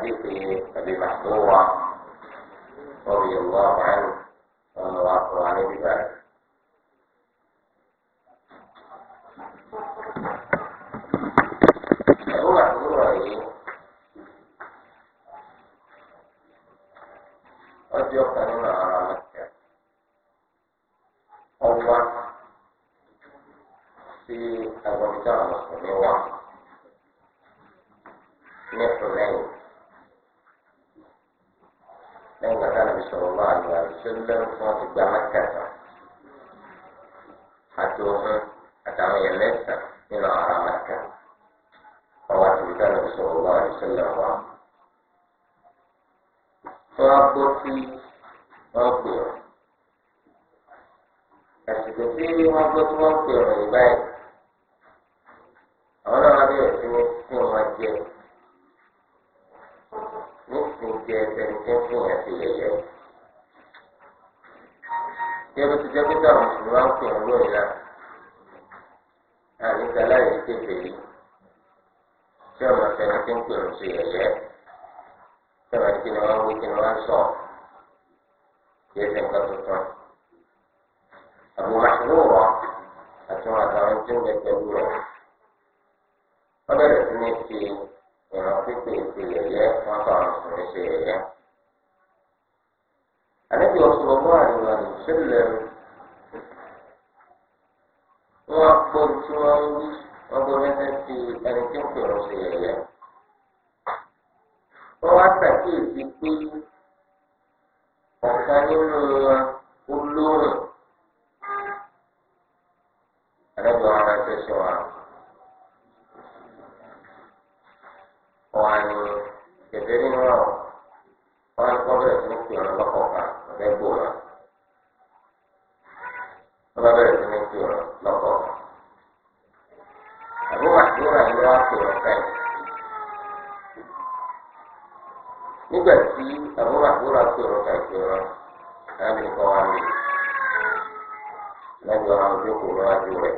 حديث أبي محمود رضي الله عنه وأن عليه بذلك وسلم وفي مكة حتى máa jókòó níwájú rẹ̀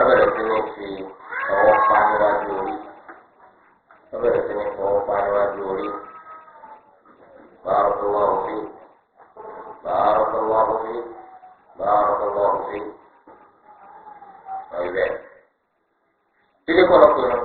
abẹ́rẹ́ sí ní fi ọwọ́ pa níwájú orí abẹ́rẹ́ sí ní fi ọwọ́ pa níwájú orí barakallahu fi barakallahu fi barakallahu fi ọ̀yẹ́ bẹ́ẹ̀. ilé kọ̀ọ̀kan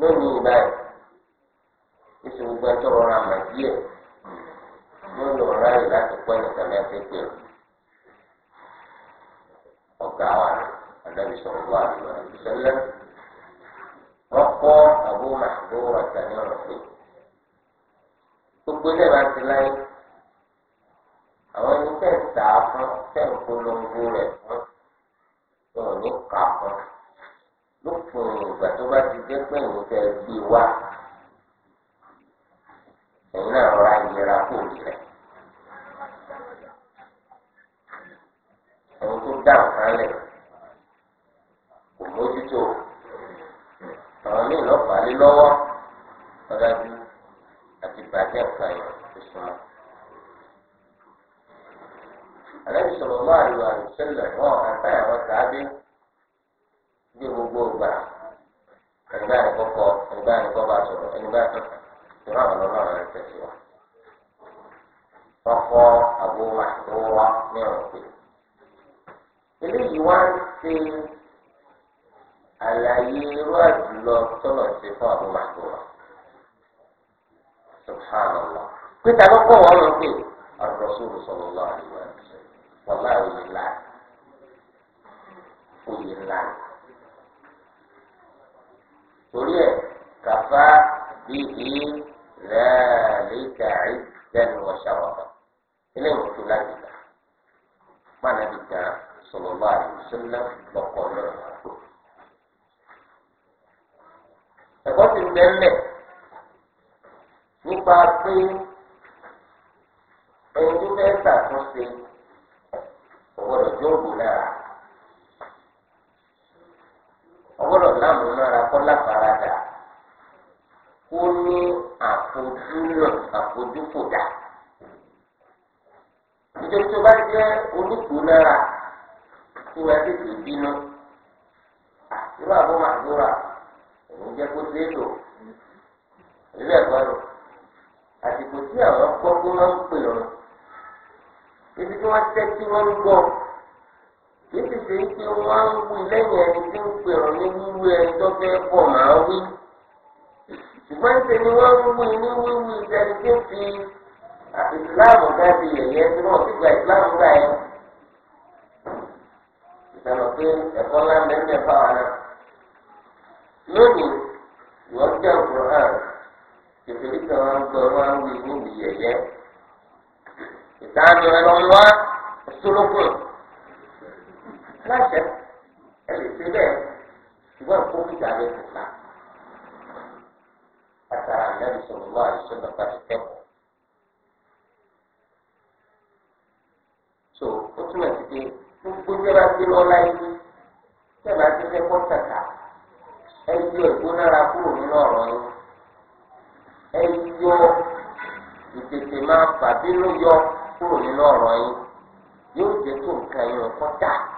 lónìí ìbáyìí oṣù gbogbo ẹjọ́ rọra mà díẹ̀ yóò lọ ráyè láti pẹ́ nìkan ní ẹgbẹ́ pé ọ̀gá wa ànábi sọ̀rọ̀ wà lọ ìṣẹ̀lẹ̀ wọ́n kọ́ àbó màdó àtàní ọ̀rọ̀ pé gbogbo ilé bá ti láyé àwọn ẹni tẹ̀ ń tà fún tẹ̀ ń polongo rẹ̀ fún wọn ní kà fún lópin ìgbà tó bá ti jẹ́ pé ìwé fẹ́ gbé wá ẹ̀yin náà rọra yẹra kó rẹ̀ ẹni tó dá nǹkan lẹ̀ kò mójútó àwọn míì lọ́pàá lé lọ́wọ́ lọ́dájú àti bàjẹ́ nǹkan yẹn tó súnmọ́. àlẹ́ ìṣòro máa lò àrùn bí gbogbo gbà ẹni báyìí kọ́kọ́ ẹni báyìí kọ́ bá sọ̀rọ̀ ẹni báyìí kọ́ ìrọ̀ àwọn ọlọ́run àwọn ẹ̀fẹ́ sí wa. ọkọ àbúrò àtọwọ́ wa ní ọ̀rọ̀ pé eléyìí wá ń ṣe àlàyé irú àjùlọ tọ́nà ṣe fún àbúrò àtọwọ́ subhanallah pété àkọ́kọ́ wọn lọ pé àrùbọ̀sọ̀rọ̀ sọ̀rọ̀ lọ́wọ́ àdìgbò àti wàhálà òye ńlá òye ńlá torí ẹ̀ kàfá bíi lẹ́ẹ̀lẹ́kà ìdẹ́nu ọ̀ṣàwọ̀fà ilé ìwòsàn láti gbà pàdánù kan sọ̀rọ̀ bá àdùsọ́lá lọ́kọ̀ lọ́rọ̀. ẹ̀kọ́ ti ń bẹ́ẹ̀ nípa pé ẹni tó fẹ́ ṣàtúnṣe ọ̀gbọ́dọ̀ jókòó lára ọgbọ́dọ̀ láàmú náírà kọ́ láfaradà kó ní àfojúlọ̀ àfojúfòdà nítorí tó bá jẹ́ olùkú náírà tí wọ́n tètè bínú irú àbọ̀ màdúrà òun jẹ́ kó dé lò ìlú ẹ̀kọ́ lò àsìkò tí àwọn gbọ́ pé wọ́n ń pè ọ́ ibi tí wọ́n tẹ́ tí wọ́n ń gbọ́ kì í sì ṣe pé wọ́n ń wí lẹ́yìn ẹni tí ń pè ọ́ ní wíwú ẹni tó fẹ́ pọ̀ máa wí. ṣùgbọ́n ń ṣe ni wọ́n ń wí ní wíwú ìtẹ́ni tí ń fi ìsìláàmù ká di yẹ̀yẹ́ tí wọ́n ti gba ìsìláàmù ká yẹn. ìtàlọ́ pé ẹ̀kọ́ ńlá mẹ́mẹ́ fà wá náà. lónìí ìwọ́n jẹ́ ọ̀gbọ̀n kìfìrí kan wá gbọ́ wá wí níbi yẹ̀yẹ́. ìtàn láṣẹ ẹ lè ṣe bẹ́ẹ̀ ṣùgbọ́n kó fi dàbí ìfúnná. Àtàrà ìnáwó sọ̀rọ̀ wá àìsàn bàbá ti kẹ́kọ̀ọ́. So ó túmọ̀ sí pé gbogbo bí ẹ bá gbé lọ láyé ní bí ẹ bá ti fẹ́ kọ́ tàkà ẹ yọ ìgbónára kúrò nínú ọ̀rọ̀ yín. Ẹ yọ ìtètè máa fà yọ kúrò nínú ọ̀rọ̀ yín. Yóò jẹ́ tó nǹkan yín kọ́ tàkà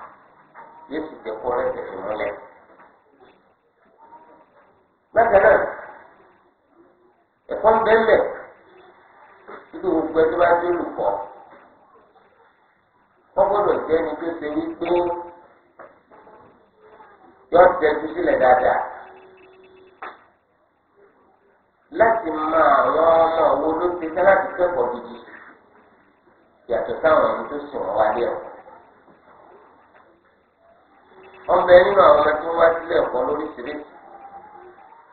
yóò sì jẹ́ kó rẹ̀ tẹ̀lé múlẹ̀. bákan náà ẹ̀kọ́ ń bẹ́ẹ̀ títí gbogbo ẹjọ́ bá dé olùkọ́ wọ́n gbọ́dọ̀ jẹ́ ẹni tó ṣe wípé yọ tẹ́jú sílẹ̀ dáadáa láti mọ àwọn ọmọ owó ló ti sẹ́ láti kẹ́kọ̀ọ́ gidi yàtọ̀ sáwọn ẹni tó sùn wálé ọ̀ wọ́n bẹ nínú àwọn ọmọ tí wọ́n wá sílé ẹ̀kọ́ lóríṣiríṣi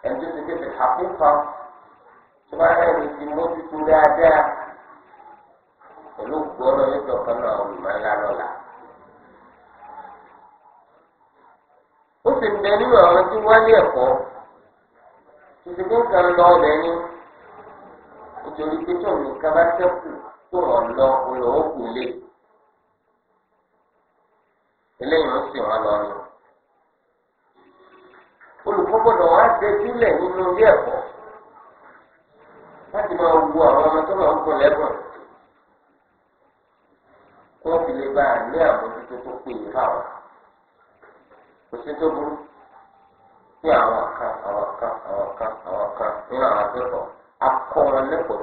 ẹni tó ti tètè àkókò tó bá rẹ̀ ní ti mójútó dáadáa pẹ̀lú gbọ́dọ̀ yóò dọ̀kan náà olùmọ̀lá lọ́la. ó sì bẹ nínú àwọn tí wọ́n lé ẹ̀kọ́ tìtìkú kan lọ ọbẹ̀ ní nítorí pé tó nìkan bá sẹ́kù tó hàn lọ olùwọ́kù lé eléyìí ó sì wọn lọ ni. olùkọ́ gbọ́dọ̀ wá ṣe sílẹ̀ nínú ilé ẹ̀kọ́ láti máa wo àwọn ọmọ tó máa ń kọ lẹ́gbọ̀n kó fi lè a ní àbójútó tó péye fáwọn kò sí tó burú ní àwọn kan àwọn àwọn àwọn ju àwọn yòókù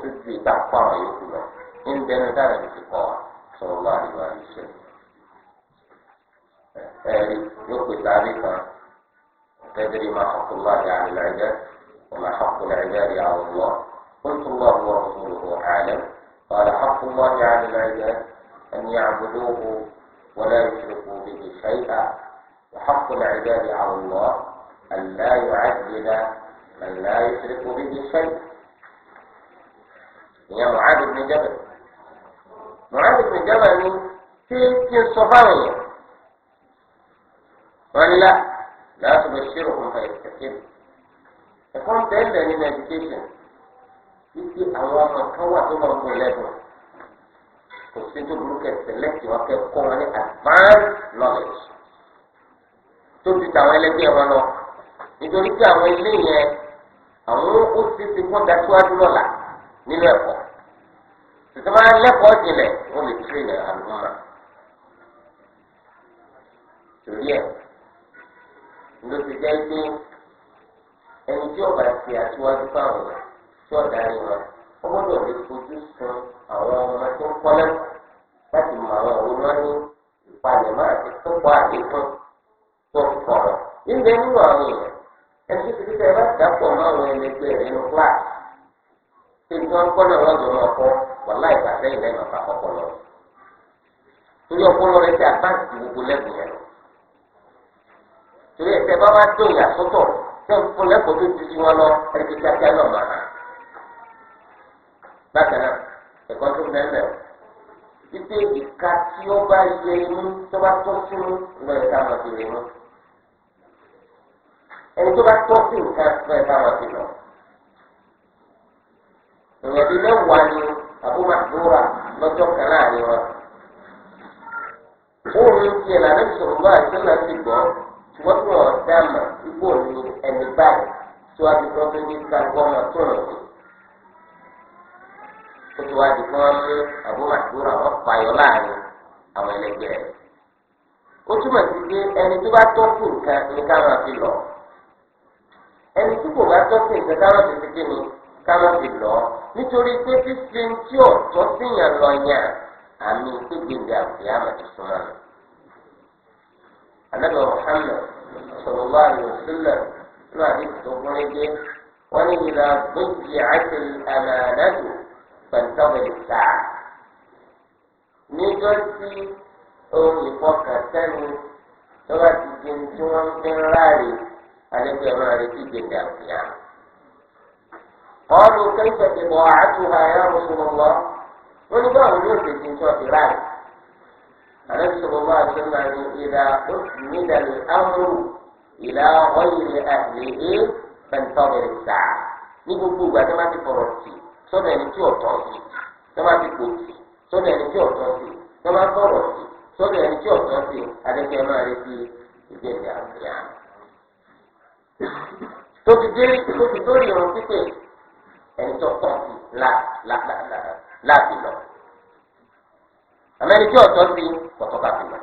lọ ní bẹnu dára ti kọ́ wa sọ̀rọ̀ láàrin yóò pè تدري ما حق الله على يعني العباد وما حق العباد على الله قلت الله ورسوله أعلم قال حق الله على يعني العباد أن يعبدوه ولا يشركوا به شيئا وحق العباد على الله أن لا يعذب من لا يشرك به شيئا يا معاذ بن جبل معاذ بن جبل في كل صفاوية ولا láti lè ṣe òkun ẹ̀ ẹ̀kẹ́mi. ẹ̀kọ́ bẹ́ẹ̀ nínú education wípé àwọn ọmọ kan wà tó máa ń gbọ́ lẹ́bùn kò sí tó burú kẹ́ select wọn kẹ́ kọ́ wọn ní advanced knowledge tó ti tàwọn ẹlẹ́gbẹ́ wọn lọ nítorí pé àwọn ilé yẹn àwọn ó ti ti kọ́ dasíwájú lọ́la nínú ẹ̀kọ́ tètè máa ń lẹ́kọ̀ọ́ jinlẹ̀ wọ́n lè tírè ní àlùmọ́ torí ẹ̀. ló ti jẹ́ pé ẹni tí ọba ti aṣíwájú fáwọn tí ọ̀dà ni wọn ó gbọ́dọ̀ lè fojú sun àwọn ọmọ tó ń láti mọ àwọn ní ìpalẹ̀mọ́ àti àdékùn tó ń wọn. nínú àwọn èèyàn ẹni tó ti mọ́ àwọn ẹni ẹgbẹ́ rẹ̀ nínú kíláàsì tí wọ́n torí ẹsẹ̀ bá wá dé ìyàsọ́tọ̀ tẹ̀ ń fún lẹ́kọ̀ọ́ tó ju tiwọn lọ ẹ̀rẹ́dì kíákíá náà máa hàn. bákan náà ẹ̀kọ́ tó mẹ́mẹ́ o wípé ìka tí ó bá yẹ inú tó bá tọ́ sí inú lọ ẹ̀ka máa fi lè mú. ẹni tó bá tọ́ sí nǹkan lọ ẹ̀ka máa fi lọ. èèyàn bíi mẹ́wàá ni àbúrò lọ́jọ́ kan láàrin wọn. ó ń tiẹ̀ lànà ìṣòro bá àìsàn náà ti gbọ́ ṣùgbọ́n tí wọ́n dá mọ̀ ipò ní ẹni báyìí tó a ti tọ́ tó ní gbàgbọ́mọ tó rọ̀ sí. ó ti wá di kí wọ́n mú àbúmàdúrà wọn fàyọ láàrin àwọn ẹlẹgbẹ́ rẹ̀. ó túmọ̀ sí pé ẹni tó bá tọ́ sí nǹkan ní ká máa fi lọ. ẹni tí kò bá tọ́ sí nǹkan ká máa fi fi kí ni ká máa fi lọ. nítorí pé fífi tí ọ̀tọ́ síyàn lọ yàn àmì ìpégbèndé àbúyá àmàtúnṣe máa anabi muhammed sallallahu alayhi wa sallam náà ní ìtòkùn rege wọn ní ìlà gbèjì àti àmàlẹ́dù pẹ̀ntọ́wé sáà níjọ́ tí ohun ìfọkànsẹ́ni tó bá ti di tí wọ́n fi ń ráàlì alẹ́bí ọmọ rẹ̀ ti gbèjà fìyà. قالوا كيف بضاعتها يا رسول الله؟ ولبعض يوسف بن شوف راي àrẹ́sọ̀rọ̀ bá a sọ̀rọ̀ ní ìlà nídàlẹ̀ amúrù ìlà ọ̀yẹ̀rẹ̀ àgbègbè pẹ̀ntọ́bẹ̀rẹ̀ sáà ní gbogbo ìgbà tó má ti fọ̀rọ̀ sí sọ́dọ̀ ẹni tí ọ̀tọ̀ sí tó má ti pò sí sọ́dọ̀ ẹni tí ọ̀tọ̀ sí tó má fọ̀rọ̀ sí sọ́dọ̀ ẹni tí ọ̀tọ̀ sí adẹ́kẹ́ máa retí ìgbẹ́ni àgbẹ̀yà. tó ti dé tó ti dórí ìrùn pípé ẹni tó kọ́ sí láti lọ àmẹ́ni tí ọ̀tọ́ sí ọ̀tọ́ ká fi mọ̀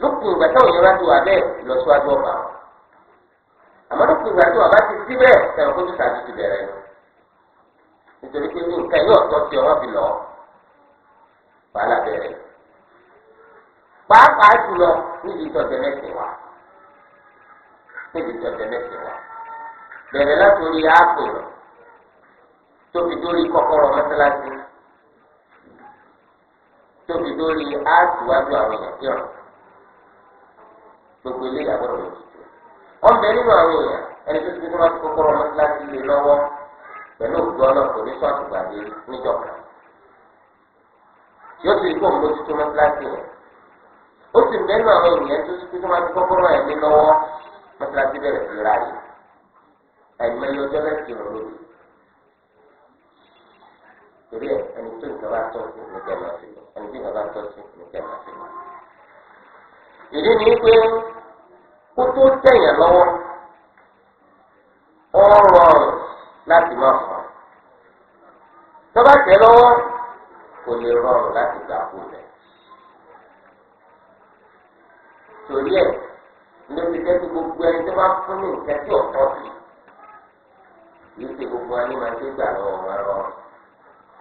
lópin ìgbà táwọn èèyàn bá ti wà bẹ́ẹ̀ ìlọsíwájú ọ̀bà àmọ́ lópin ìgbà tí wà bá ti sí bẹ́ẹ̀ ẹ̀rọ kó tìta ti ti bẹ̀rẹ̀ nítorí pé nǹkan yóò tọ́ sí ọwọ́ fi lọ wàhálà bẹ̀rẹ̀ pàápàá jùlọ níbi ìtọ́jẹ mẹ́sìn wa níbi ìtọ́jẹ mẹ́sìn wa bẹ̀rẹ̀ látòrí ààbò tó fi dórí kọ́kọ́rọ́ mọ́sálásí tóbi lórí àtìwájú àwọn èèyàn kírun gbogbo eléyà gbọ́dọ̀ lè tutù wọn bẹ nínú àwọn èèyàn ẹni tó ti fi wọn ti kọ́kọ́rọ́ wọn láti lè lọ́wọ́ pẹ̀lú òjò ọlọpàá ní sọọtù gbàgbé níjọba yóò ti kó òun ló ti tó wọn láti yẹn ó sì bẹ nínú àwọn èèyàn tó ti fi wọn ti kọ́kọ́rọ́ yẹn lé lọ́wọ́ wọn ti láti bẹ̀rẹ̀ sí ra yìí àìmọye ọjọ́ bẹ́ẹ̀ ti rọ torí ẹ ẹni tó nǹkan bá tọ́ sí nìkẹ́ máa fi lọ ẹni tí nǹkan bá tọ́ sí nìkẹ́ máa fi lọ. ìdí ni pé kó tó tẹ̀yàn lọ́wọ́ ó rọrùn láti má fọ́ tó bá tẹ̀ lọ́wọ́ kò lè rọrùn láti gbà kú rẹ̀. torí ẹ ló ti jẹ́ gbogbo ẹni tó bá fún ní nǹkan tí ọ̀tọ̀ sí yìí ṣe gbogbo ẹni máa ń gbé gbà lọ́wọ́ wa rọrùn.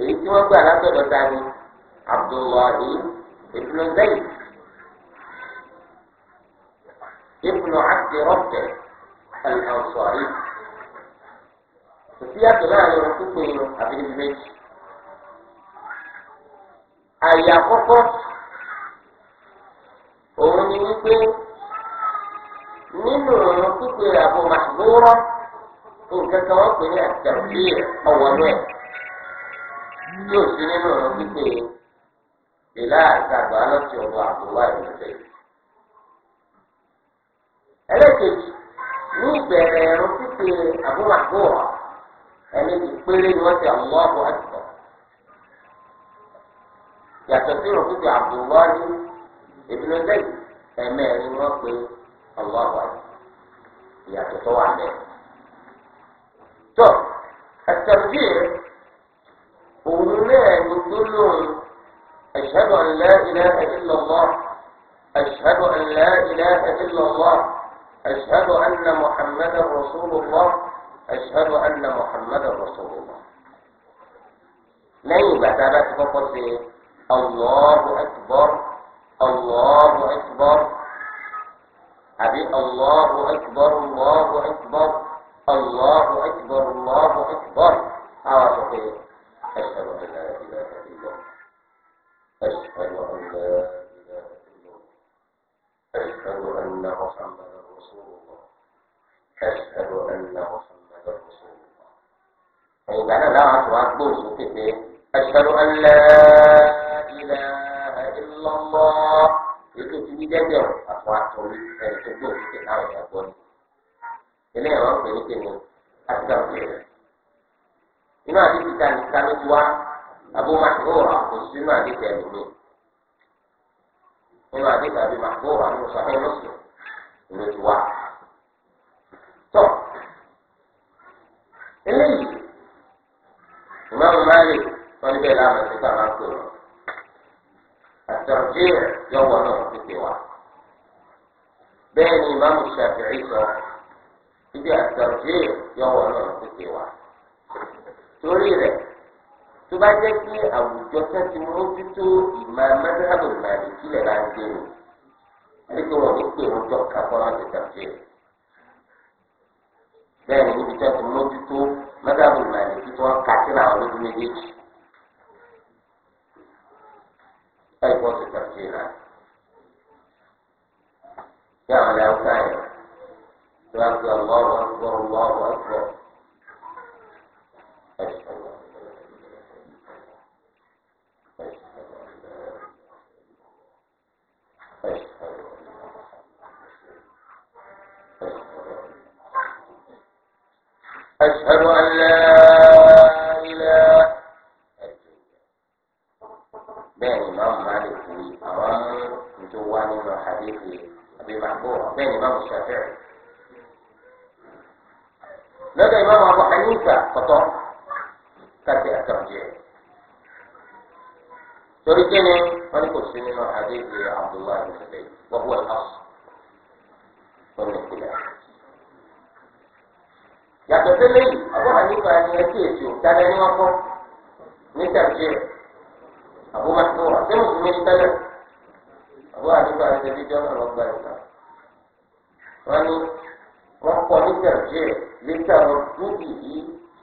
èyí tí wọ́n gbà látọ̀dọ̀ ta ni abdullahi ibnu zayd ibnu abdi rabbi al-ansari kò sí yàtọ̀ láàrin ohun tó pé irun àbí níbi méjì àyè àkọ́kọ́ òun ni wípé nínú ohun pípé àbò màdúró nǹkan kan wọ́n pè ní àtẹ̀wé ọ̀wọ́lẹ́. tí yóò ṣe nínú ọ̀rọ̀ pípé ìlà àgbàgbà lọ́tì ọ̀rọ̀ àbúrò ìrìnsẹ̀. ní ìbẹ̀rẹ̀ ẹ̀rọ ẹni tí péré ni wọ́n ti àwọn ọ̀bọ̀ àtìkọ́. yàtọ̀ sí ìrọ̀ àbúrò ẹ̀mẹ́rin ni wọ́n pe ọ̀bọ̀ àtìkọ́. ìyàtọ̀ tó òun náà ní gbólóhùn ashhadu an la ilaha illallah ashhadu an la ilaha illallah ashhadu anna muhammadan rasulullah ashhadu anna muhammadan rasulullah. lẹ́yìn ìgbà tá a bá ti kọ́kọ́ ṣe allahu akbar allahu akbar àbí allahu akbar allahu akbar allahu akbar allahu akbar àwọn àṣọ pé. أشهد أن لا إله إلا الله أشهد أن لا إله إلا الله أشهد أن محمدا رسول الله أشهد أن محمدا رسول الله فإذا أنا دعت وأقول سكتي أشهد أن لا إله إلا الله يكتب جدر أخواتهم تقول سكتي أو يقول إليه وأقول سكتي أستغفر الله inú àdìsí ta nìka ló ti wá abu mahura kò sí inú àdìsí ẹlòmí inú àdìsí abu mahura nínú sọfẹ lọsùn ló ti wá tọ eléyìí ìmáàmù máàlì wọn níbẹ̀ láàmú ẹ̀sìn tá a máa ń pè wọn àtàrjẹ́ yọ̀wọ̀ náà ti pè wá bẹ́ẹ̀ ni ìmáàmù Shafi'i sọ ibi àtàrjẹ́ yọ̀wọ̀ náà ti pè wá. torí rẹ̀ tó bá jẹ́ pé àwùjọ fẹ́ ti mójútó ìmọ̀ mẹ́tàbọ̀ ìmàlì kílẹ̀ bá ń dé o àdéhùn wọn ní pé òun jọ kápọ́ láti tàbí rẹ̀ bẹ́ẹ̀ ni níbi tí wọ́n ti mójútó mẹ́tàbọ̀ ìmàlì kí tí kà sí sí nínú hadith abdullahi bin sèlè wọ́n wọ́n ọ̀sùn wọ́n yàtọ̀ sílẹ̀ yìí Abu Hanifa ni ẹ kíyèsí o dáadáa ni wọ́n ní tẹ̀sí rẹ̀ Abu mùsùlùmí ní tẹ́lẹ̀ Abu Hanifa ni ṣẹbi jọ́ náà lọ́gbà ìta wọ́n ní wọ́n kọ́ ní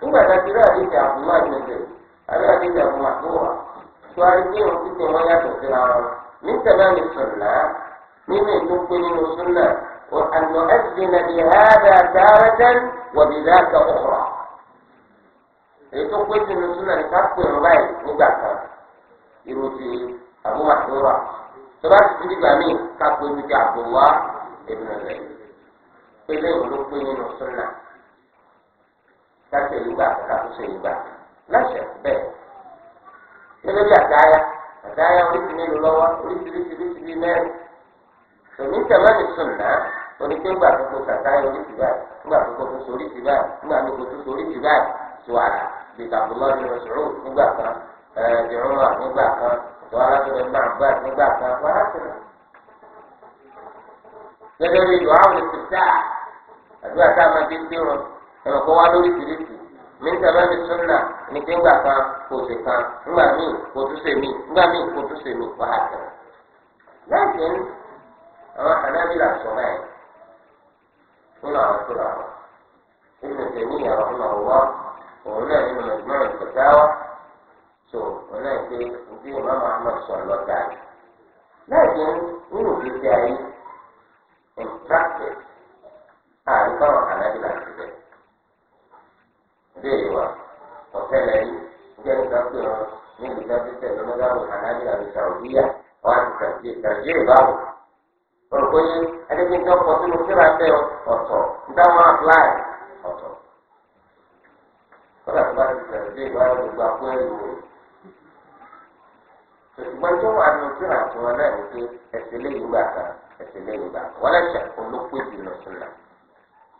nígbà tá a ti rí àdéhùn àbúrò àgbègbè àbí àdéhùn àbúrò àbúrò tó a rí pé òun ti tẹ wọn yàtọ̀ síra wọn ní sẹ́lá ní sọ̀nà nínú ètò pé nínú sọ́nà ọ̀nà ẹ̀sìn náà di hàdà tààràtàn wọ̀bí láàkà ọ̀rọ̀ ètò pé nínú sọ́nà ní kápẹ́ ọ̀rọ̀ yìí nígbà kan irú ti àbúrò àbúrò tó bá ti di gbà míì kápẹ́ ibi ti àbúrò lẹ́yìn pé lẹ́yìn ló pé nínú kásẹ̀ ìlúgbà kásẹ̀ ìlúgbà láṣẹ bẹ́ẹ̀. Gẹ́gẹ́ bí àdáyà àdáyà oríṣi mélòó lọ́wọ́ oríṣiríṣi oríṣi bíi mẹ́rin. Tòmí tẹ̀mẹ́lì sùnà onígbégbà gbogbo sàtáyà oríṣi báyìí nígbà gbogbo tó so oríṣi báyìí nígbà gbogbo tó so oríṣi báyìí tó àlà bíi Abdullah bin Mas'ud nígbà kan ẹ̀ẹ́dìrúnmà nígbà kan tó alábẹ̀rẹ̀ náà gbà nígbà kan wà láti rẹ̀. Gẹ́gẹ́ bí ìlú àwọn ìsìtá àdúrà táwọn adé gbé wọn ẹ̀rọ kọ́ wá lórí tìrìtì mi sábà mi súnà ní pé ńgbà kan kò sì kan ńgbà míì kò tún sèmi ńgbà míì kò tún sèmi wà á tẹ̀. lẹ́sìn àwọn anábìlà sọ náà nínú àwọn tó làwọn nínú tèmi ìyàwó ọmọ ọwọ́ òun náà nínú ẹ̀gbọ́n ìpẹ̀táwọ́ tó òun náà pé ojú ìmọ̀ Muhammad sọ lọ́dà yìí. lẹ́sìn nínú ìgbésí ayé in practice àríkọ́ àwọn anábìlà síbẹ̀. béèrè wa ọ̀sẹ̀ lẹ́yìn ìjẹ́ nígbà pé wọn ní ìgbà títẹ̀ lọ́mọdáwò ànábì àbí sàrùbíyà wọn àti sàrùbíyà sàrùbíyà báwò. olùkóyè adébíyẹ ọkọ̀ sínú síra bẹ́ ọ̀tọ̀ nítawọn apply ọ̀tọ̀. kọ́lá tó bá ti gbogbo àpò ṣùgbọ́n náà pé lẹ́yìn lẹ́yìn wọ́n lẹ́sẹ̀ olókùn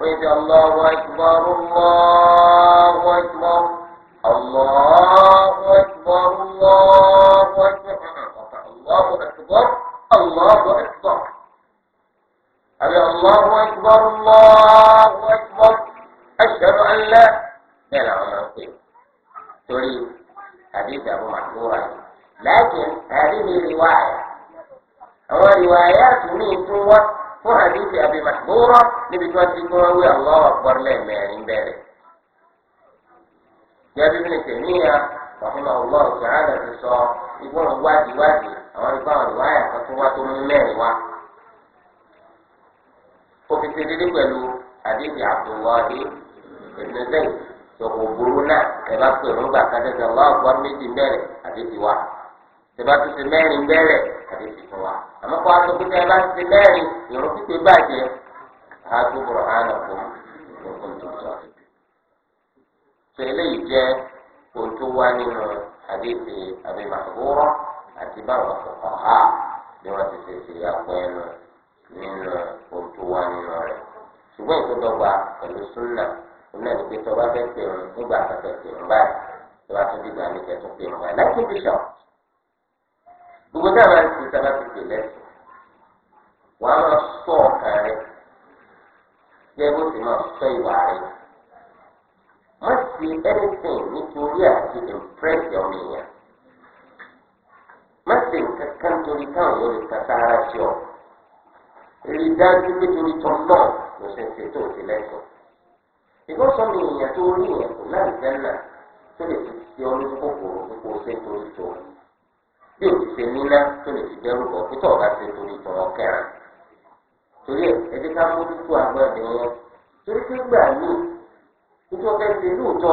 وإذا الله أكبر الله أكبر الله أكبر الله أكبر الله أكبر الله أكبر أبي الله أكبر الله أكبر أشهد أن لا لا لا ما تريد حديث أبو محمود لكن هذه رواية أو روايات من توت fún hadithi Abi Mahdura níbi tí wọ́n ti kí wọ́n wí Allahu Akbar lẹ́ẹ̀mẹ́rin bẹ̀rẹ̀. Jẹ́bi Ibn Taymiyyah rahimahullah ti sọ ìgbọ́n wádìí àwọn ìgbà wọn wá tó mú wá. pẹ̀lú hadithi Abdullahi burú náà méjì bẹ̀rẹ̀ hadithi àdéhùn fún wa àmọ́ kó aṣọ pé ẹ bá ti ṣe mẹ́rin ìrún pípé bàjẹ́ àgbòbòrò àná fún ìgbòkun tó sọ. sọ eléyìí jẹ́ ohun tó wá nínú àdéhùn àbí màgbóró àti báwọn kọ̀ọ̀kan á bí wọ́n ti ṣe ṣe àpò ẹnu nínú ohun tó wá nínú rẹ̀ ṣùgbọ́n ìtọ́dọ̀gba pẹ̀lú súnà ìmúlẹ̀ ní pé tọ́ba fẹ́ pèrún nígbà kan fẹ́ pèrún báyìí tọ́ba tún dìgbà ní kẹ́tún pèrún báyìí gbogbo dábà ti sábà ti tè lẹ́sìn wàá máa sọ ọ̀kan rẹ jẹ́ bó ti máa sọ ìwà rẹ má ṣe anything nítorí àti impress ọmọ èèyàn má ṣe nǹkan kan torí káwọn yóò lè kàtà ara sí ọ rí dájú pé torí tọ́ náà ló ṣe ń ṣe tó ti lẹ́sìn ìgbọ́sọ̀ mi èèyàn tó rí yẹn kò láì jẹ́ náà tó lè fi ṣe ọ lójú kòkòrò pé kò ṣe torí tó rí. ndị o ti ṣe níná tó lè fi dẹ́rù bọ̀ kí tọ́ọ̀ bá ṣe torí ìtọ̀wọ́ kẹrin torí ẹ jẹ́ ká mójútó agbọ́dẹ yẹn torí pé gbà míì títí fẹ́ ṣe lóòótọ́ ọ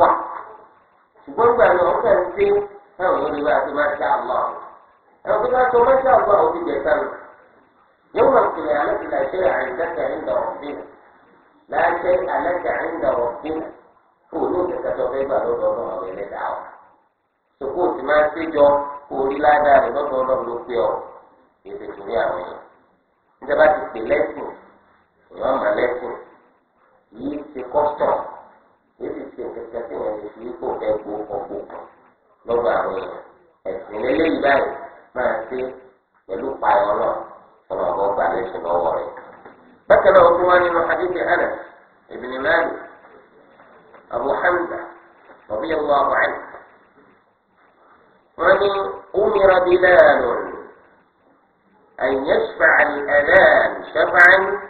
wà ṣùgbọ́n gbà ṣe báwo ló lè máa ṣe ẹ̀rọ tó bá ṣe ọmọ ṣe àwọn yóò máa láṣẹ ní fẹ́ gbà lọ́dọ̀ ọ̀rẹ́ lẹ́dàá kó orí ládàá rẹ lọ́dọ̀ ọlọ́run ló pé ọ èdè torí àwọn èèyàn níta bá ti pè lẹ́sìn èèyàn mà lẹ́sìn yìí ti kọ́sọ̀ èyí ti ṣe kẹkẹ tí wọ́n ti fi kó ẹgbó ọgbó kan lọ́dọ̀ àwọn èèyàn ẹ̀sìn lélẹ́yìí báyìí máa ṣe pẹ̀lú payọ́ náà ọmọ ọgbọ́n gbà lẹ́sìn lọ́wọ́ rẹ̀. bákan náà ó tún nínú adébí Anas ibn Malik Abu Hamza radiyallahu anhu فمن أمر بلال أن يشفع الأذان شفعا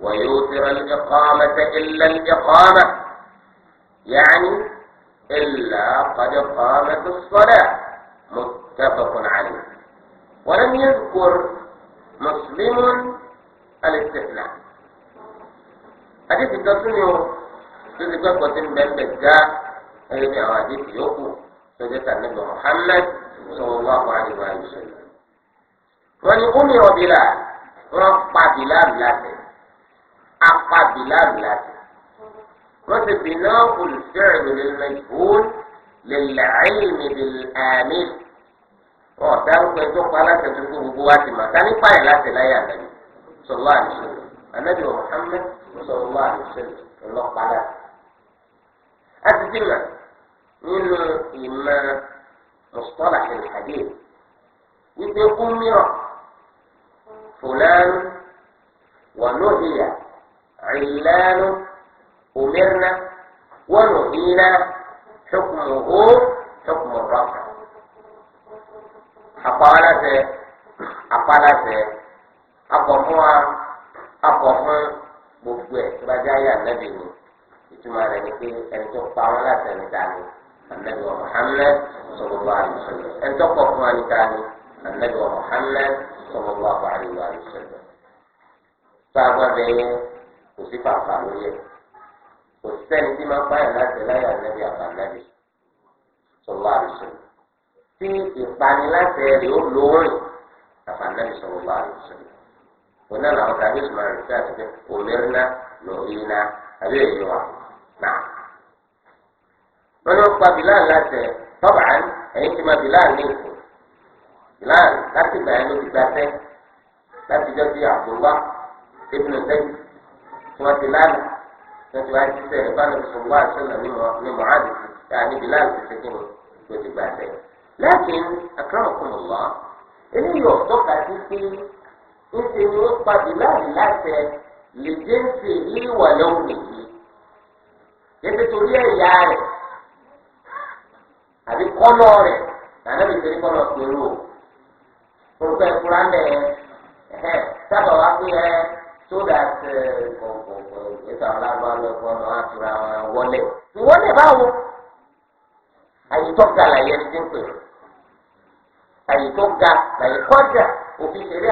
ويوتر الإقامة إلا الإقامة يعني إلا قد قامت الصلاة متفق عليه ولم يذكر مسلم الاستثناء حديث التصنيع تذكر قسم بن بكاء هذه أحاديث يوكو lọ́jọ́ tà níbi Muhammad sallallahu alaihi wa sallam. wọ́n ní omi ọ̀bìlà wọ́n pa bìláàlù láti apá bìláàlù láti wọ́n ti bìnà olùfẹ́rẹ̀ lórí mẹ́jọ́n lẹ́lẹ́ àìní bìláàmì wọ́n dárúkọ ẹjọ́ pa aláṣẹ tó kó gbogbo wa ti mọ̀ ká nípa ẹ̀ láti láyé ànábì sallallahu alaihi wa sallam ànábì Muhammad sallallahu alaihi wa láti. a ti dì mọ̀ nínú ìmọ̀ mùsùlùmá ìhàdí wípé kúmíràn fúlẹ́rù wọnúhìyà ìlẹ́rù òmìnira wọnúhìyà ṣùkùmùhó ṣùkùmùrọ̀kà. àpáwálásẹ àpáwálásẹ akọ̀fúnwa akọ̀fún gbogbo ẹ̀ tó bá dé ayé ànábì ni ìtumọ̀ rẹ̀ ni pé ẹni tó pa wọn láti ẹni النبي محمد صلى الله عليه وسلم أن تقوى ثمان ثاني النبي محمد صلى الله عليه وآله وسلم فأبا بيه وصفة قانونية والثاني فيما قال لا تلايا النبي أبا النبي صلى الله عليه وسلم في لا إقبالات يقولون أبا النبي صلى الله عليه وسلم ونانا وكابيس ما رسالة أمرنا نهينا أبيه يوعد wọn ni wọn pa bilal láṣẹ tọ́ba ẹ̀yin ti ma bilal ní ìfò bilal láti gbà yẹn ló ti gbàtẹ́ láti jọ sí àbúrúwá ebínú sẹ́yìn tí wọ́n ti lánà tí wọ́n ti wá ti sẹ́ ẹ̀ bánu sọ̀rọ̀ àṣọlọ ní mọ̀ádì tá a ní bilal ti ṣe ló ti gbàtẹ́. lẹ́kìn akọ́nàkùnmọ̀lá eléyìí ọ̀tọ́ka sí pé ńṣe ni ó pa bilal láṣẹ lè jẹ́ ń ṣe yíwà lọ́wọ́ nìyí. ètò torí ẹ̀yà rẹ̀. àbí kọ́lọ̀ rẹ̀ na tó ní kọ́lọ̀ pẹ̀lú o orúkọ ẹ̀kúrá ń bẹ̀ ẹ̀ sábà wá pé ẹ sódà ṣe kọ̀ọ̀kọ̀ọ̀kọ̀ ìgbésà wọlé báwo àyè tó ga làyè ẹni tí ń pè àyè tó ga làyè òfin ṣeré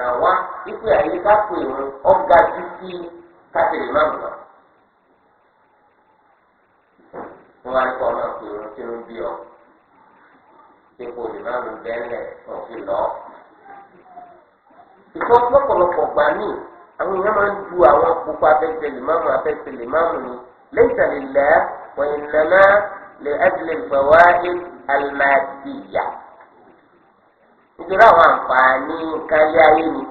hàn wá àyè ká pè wọn ọ̀gá kátìrì máa wọ́n wá kọ́ ọmọ pé òun kí ló bí ọ ipò ìmáàmù bẹ́ẹ̀lẹ̀ òfin lọ. ìfọ́ lọ́pọ̀lọpọ̀ gbà mí àwọn èèyàn máa ń ju àwọn pupa abẹ́sẹ̀ lèmáàmù abẹ́sẹ̀ lèmáàmù ni lẹ́sẹ̀ lílẹ̀ wọ́n ìnáná lè ẹ́dílé ìfọwọ́ àlùmáàdìyà. nítorí àwọn àǹfààní kárí ayé ni.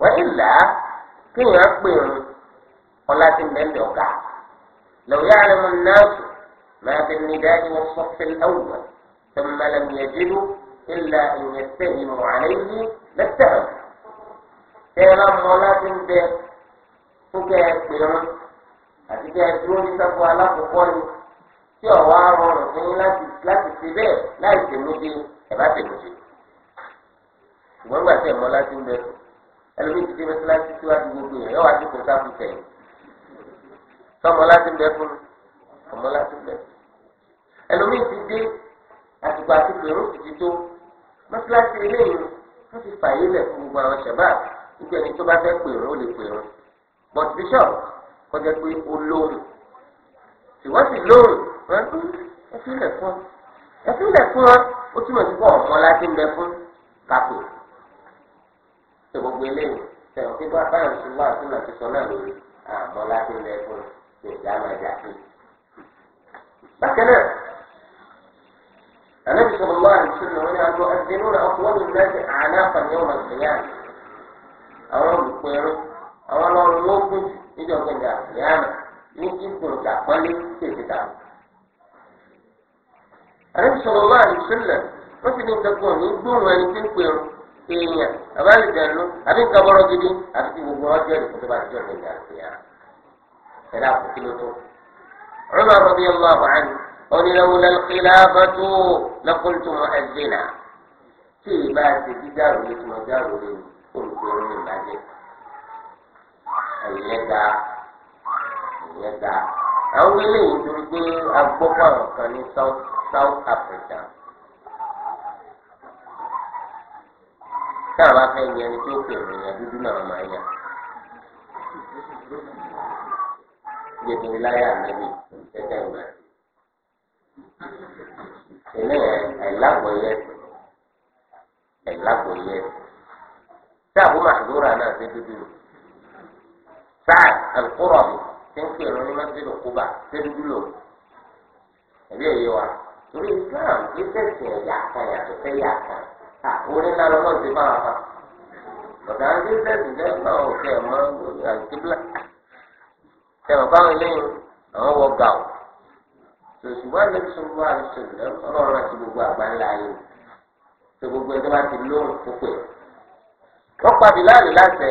wọ́n ìlà kéèyàn pè ń ọlá ti ń bẹ́ẹ̀ لو يعلم الناس ما في النداء والصف الأول ثم لم يجدوا إلا أن يتهموا عليه لاتهموا كلام ولكن به فكاك بيرون أتكاك دون سفو على فقول tí ọ̀wá rọrùn fún yín láti láti ṣe bẹ́ẹ̀ láì tèmúdé ẹ̀ bá tèmúdé. ṣùgbọ́n gbàtẹ́ mọ́ láti ń bẹ ẹlòmíì ti dé mẹ́sàlásí síwájú gbogbo yẹn yọ wá sí kò sáfù tẹ̀yìn sọmọ láti bẹ fún mi ọmọ láti bẹ ẹlòmíì ti dé àtùkọ àti pèrò ti di tó mọ́tíláṣí eléyìí wọ́n ti fàyè lẹ̀ fún gbogbo àwọn ṣẹ̀bá níbi ẹni tó bá fẹ́ pèrò ó lè pèrò but bishop kọjá pé ó lóhùn ìwọ́n sì lóhùn wọ́n tún ẹtí lẹ̀ fún ọ ẹtí lẹ̀ fún ọ ó túmọ̀ sí pọ̀ ọmọ láti bẹ fún kápò ṣe gbogbo eléyìí tẹ̀wọ́n pé bá báyọ̀ ṣe wá àtúnlá ti sọ náà lórí àmọ́ ah, láti bẹ fún ọ. ṣe ìdáná ẹ̀dá sí. bákan náà ànábì sọ̀rọ̀ lọ́wọ́ a sọ̀rọ̀ wọn ni àjọ ẹ̀dínú náà ọkùnrin wọn a láti àná àfààní ọmọ ìgbìyà àwọn olùpẹ̀rù àwọn ọlọ́run ló kún níjọ́ gbẹ̀dẹ̀ àfìyàmà ní kíkùn ìtàpọ́lé tètè dànù. ànábì sọ̀rọ̀ lọ́wọ́ àti sọ̀rọ̀ wọ́n ti ní ní gbóhùn ẹni tí ń èèyàn àbí nǹkan gidi àti gbogbo ọjọ́ ẹ̀dá kò kí ló tó. Umar radiyallahu anhu onílẹ̀wọlẹ̀ khilafatu laqultu mu'adhdhina tí ìbá ti ti dárò lé tuma dárò lé olùkóró ní ìbàjẹ́. ẹ̀yẹ́ ga ẹ̀yẹ́ ga àwọn eléyìí torí pé agbọ́pọ̀ àwọn kan ní South South Africa. táwọn afẹ́ yẹn ni tí ó pè mí yẹn dúdú náà máa yà gbé ní láyà níbi tẹ́tẹ́ ìgbà tí. Ìlẹ́ ẹ̀lágbọ̀yẹ ẹ̀lágbọ̀yẹ. Ṣé àbúrò àdúrà náà ṣe dúdú? Sáà ẹ̀kúrọ̀ mi ti ń pèrò ní Mẹ́sìlì Kúbà ṣé dúdú lò? Ẹ̀bí ẹ̀yẹ wa, torí Islam kì í tẹ̀sìn ẹ̀yà kan yàtọ̀ fẹ́ yà kan. Orí ńlá lọ́lọ́ ti bá wa fa. Ọ̀dà ń gbé sẹ́sìn jẹ́ ìgbà òkè ọmọ ìgbà ìkíbla. tẹ̀wọ̀n báwọn eléyìí àwọn wọ gàù sòṣùgbọ́n àlejò sọ̀rọ̀ wà lọ́sọ̀rọ̀ ọlọ́run àti gbogbo àgbáńlá yìí tó gbogbo ẹni bá ti lóhùn púpẹ̀. wọ́n pa bíláàlì láṣẹ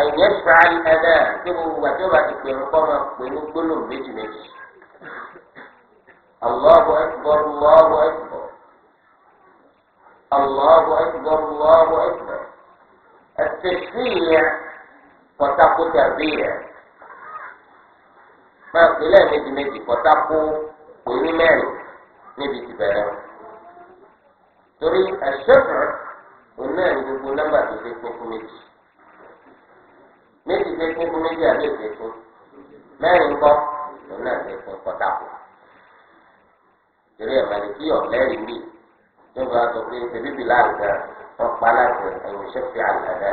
ẹ̀yẹ́ fàáyì ẹ̀dá tí gbogbo àti ọba ti pèrò kọ́ máa pè ní gbólóhùn méjì méjì. Allahu akbar Allahu akbar Allahu akbar Allahu akbar kọ́tàkó tàbíyà máa pè lẹ́ẹ̀mejì méjì kọ́tàkó pè ní mẹ́rin níbi tí bẹ̀rẹ̀ torí àṣẹ́fẹ̀ òun náà ní gbogbo nọ́mbà tó ṣe pín fún méjì méjì ṣe pín fún méjì àbí èdè fún mẹ́rin kọ́ òun náà ṣe pín kọ́tàkó torí ẹ̀ màlìkí ọ̀lẹ́rìí mi yóò bá sọ pé ṣe bíbí láàrín náà wọ́n pa láti ẹ̀yìn ṣẹ́fẹ̀ àlàdá.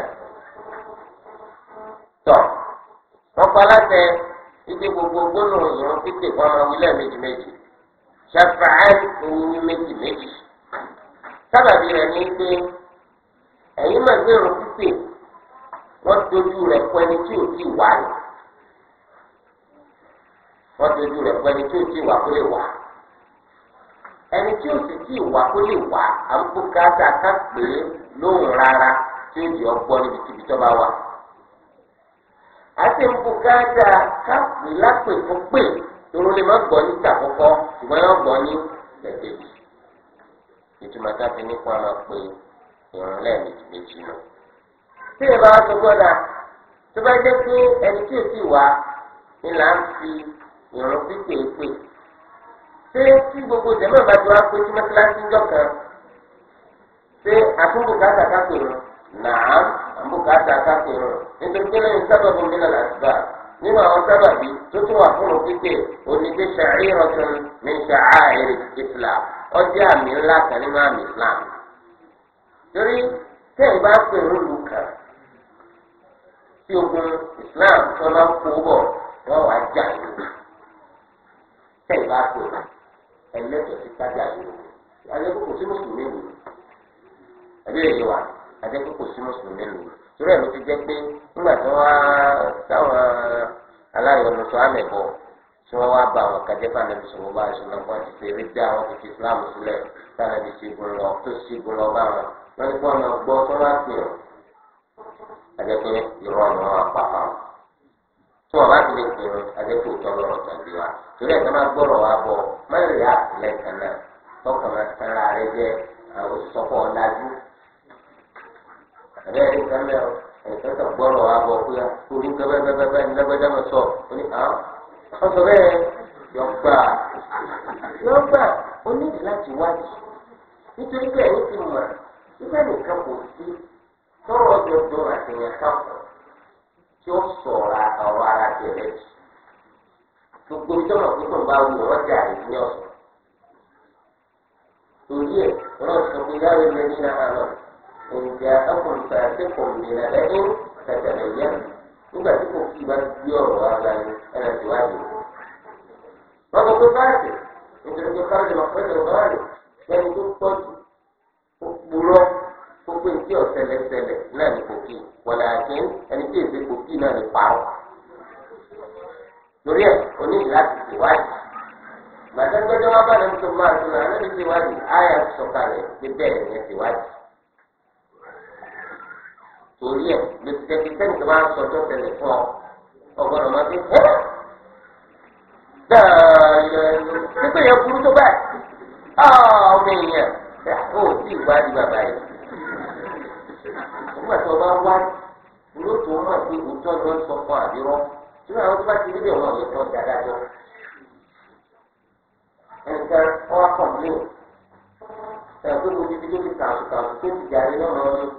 wọ́n pa aláṣẹ ike gbogbo gbólóhùn yìí wọ́n fi tè kọ́ ọmọ méjìméjì ṣàfàán ìyín méjìméjì sábàbí rẹ̀ ní pé ẹ̀yin máa gbé irun wọ́n dojú rẹ̀ pọ̀ ẹni tí ò tí ì wá wọ́n dojú rẹ̀ pọ̀ ẹni tí ò tí àti nbùkátà káàpì lápè tó pè tóró lè má gbọ́ ní tàkọ́kọ́ ṣùgbọ́n yóò gbọ́ ní tẹ̀kẹ́jì ìtumọ̀ táfi nípa máa pe ìrún lẹ́ẹ̀mejì méjì lọ. tí ì bá tó gbọ́dọ̀ tó bá jẹ́ pé ẹni tí ò sì wá ni là ń fi ìrún pípé pè ṣé tí gbogbo jẹ́mọ̀ bá ti wá pé tí mọ́tíláṣí jọ kan ṣé àtúnbùkátà káàpì rún nàá àbùkátà káàpì nítorí pé lẹ́yìn sábàbù mi nàlá àtìbá nínú àwọn sábàbí tó tún wà fún òkìkè onígbé ṣàìrọ̀tún mi ṣàáìrì islam ọjọ́ àmì ńlá kan nínú àmì islam. torí tẹ́ẹ̀ bá pè ń lù kàn tí ogun islam tó bá kó bọ̀ wọ́n wá jà lóru. tẹ́ẹ̀ bá pè ẹlẹ́tọ̀ọ́ sí kájà lóru. adékòkò sí mùsùlùmí lù. àbí èyí wa adékòkò sí mùsùlùmí lù torí ẹ̀ ló fi jẹ́ pé nígbà tí wọ́n táwọn aláìwọ̀nù sọ àmì bọ̀ tí wọ́n wá bá àwọn kàjẹ́ fún ànábì sọ̀rọ̀ bá aṣọ náà wọ́n ti fi eré dá àwọn fífi Islam sílẹ̀ tí ànábì sígun lọ tó sígun lọ bá wọn wọ́n ní kó ọ̀nà gbọ́ tó wá pè ọ́ àjẹpẹ́ ìrọ̀ ni wọ́n pa pa wọn tí wọ́n bá ti lè pè ọ́ àjẹpẹ́ òótọ́ lọ́rọ̀ tàbí wa torí ẹ̀ tó gbọ́rọ̀ wá bọ̀ mẹ́rin rẹ̀ àtìlẹ́kàn náà tọkàn àbí ẹni kan bẹ ọ ẹnìkan kan gbọrọ abọ fúya orí nǹkan bẹ́ẹ̀ bẹ́ẹ̀ bẹ́ẹ̀ nígbàgbọdá mọ sọ ó ní à ọ sọ bẹ́ẹ̀ yọ gbà yọ gbà ó ní láti wájú nítorí pé ẹni ti mọ nígbà nìkan kò sí tọrọ dọdọ àtẹyìn kápọ tí ó sọra ọ̀rọ̀ ara tẹ́lẹ̀ jù gbogbo ìjọba pípọ̀ bá wù wọ́n jà ní ọ̀sán torí ẹ̀ wọ́n sọ pé yára ẹgbẹ́ nínú إن جاءكم فاسق بنبأ فتبينوا nígbà tí kò kí bá ti gbé ọ̀rọ̀ wa la ni ẹnà tí wàá yìí. wọ́n sọ pé báyìí nítorí pé káwọn ìjọba fẹ́ lọ báyìí lẹ́nu tó pọ̀ jù ó purọ́ ó pé ní kí ọ̀sẹ̀lẹ̀sẹ̀lẹ̀ náà ní kò kí wọ̀lẹ̀ àti ẹni tí èsè kò kí náà ní parọ́. torí ẹ̀ o ní láti ṣèwádìí. gbàdágbẹ́jọ́ wá bá nàìjíríà máa tún náà nàìjíríà ṣèwádìí àyà sọ̀kalẹ̀ pé bẹ́ẹ̀ ni ẹ ṣèwádìí torí ẹ̀ ló ti jẹ́ kí sẹ́ni tó bá ń sọ tó tẹ̀lé fún ọ ọgbọ́dọ̀ máa fi hẹ́ dáadáa pípé yẹn burú tó báyìí ọmọ èèyàn ó sì wá di bàbá yìí nígbà tó bá wá ló tó mọ̀ pé òótọ́ ló ń sọ fún àbírọ́ tí wọ́n àwọn tó bá ti débẹ̀ wọn lè tọ́ dáadáa jọ ẹnìkan ọwọ́ kọ̀ọ̀lẹ́ ẹ̀ pé mo ti fi tó ti kàṣùkàṣù tó ti jàre náà lọ́wọ́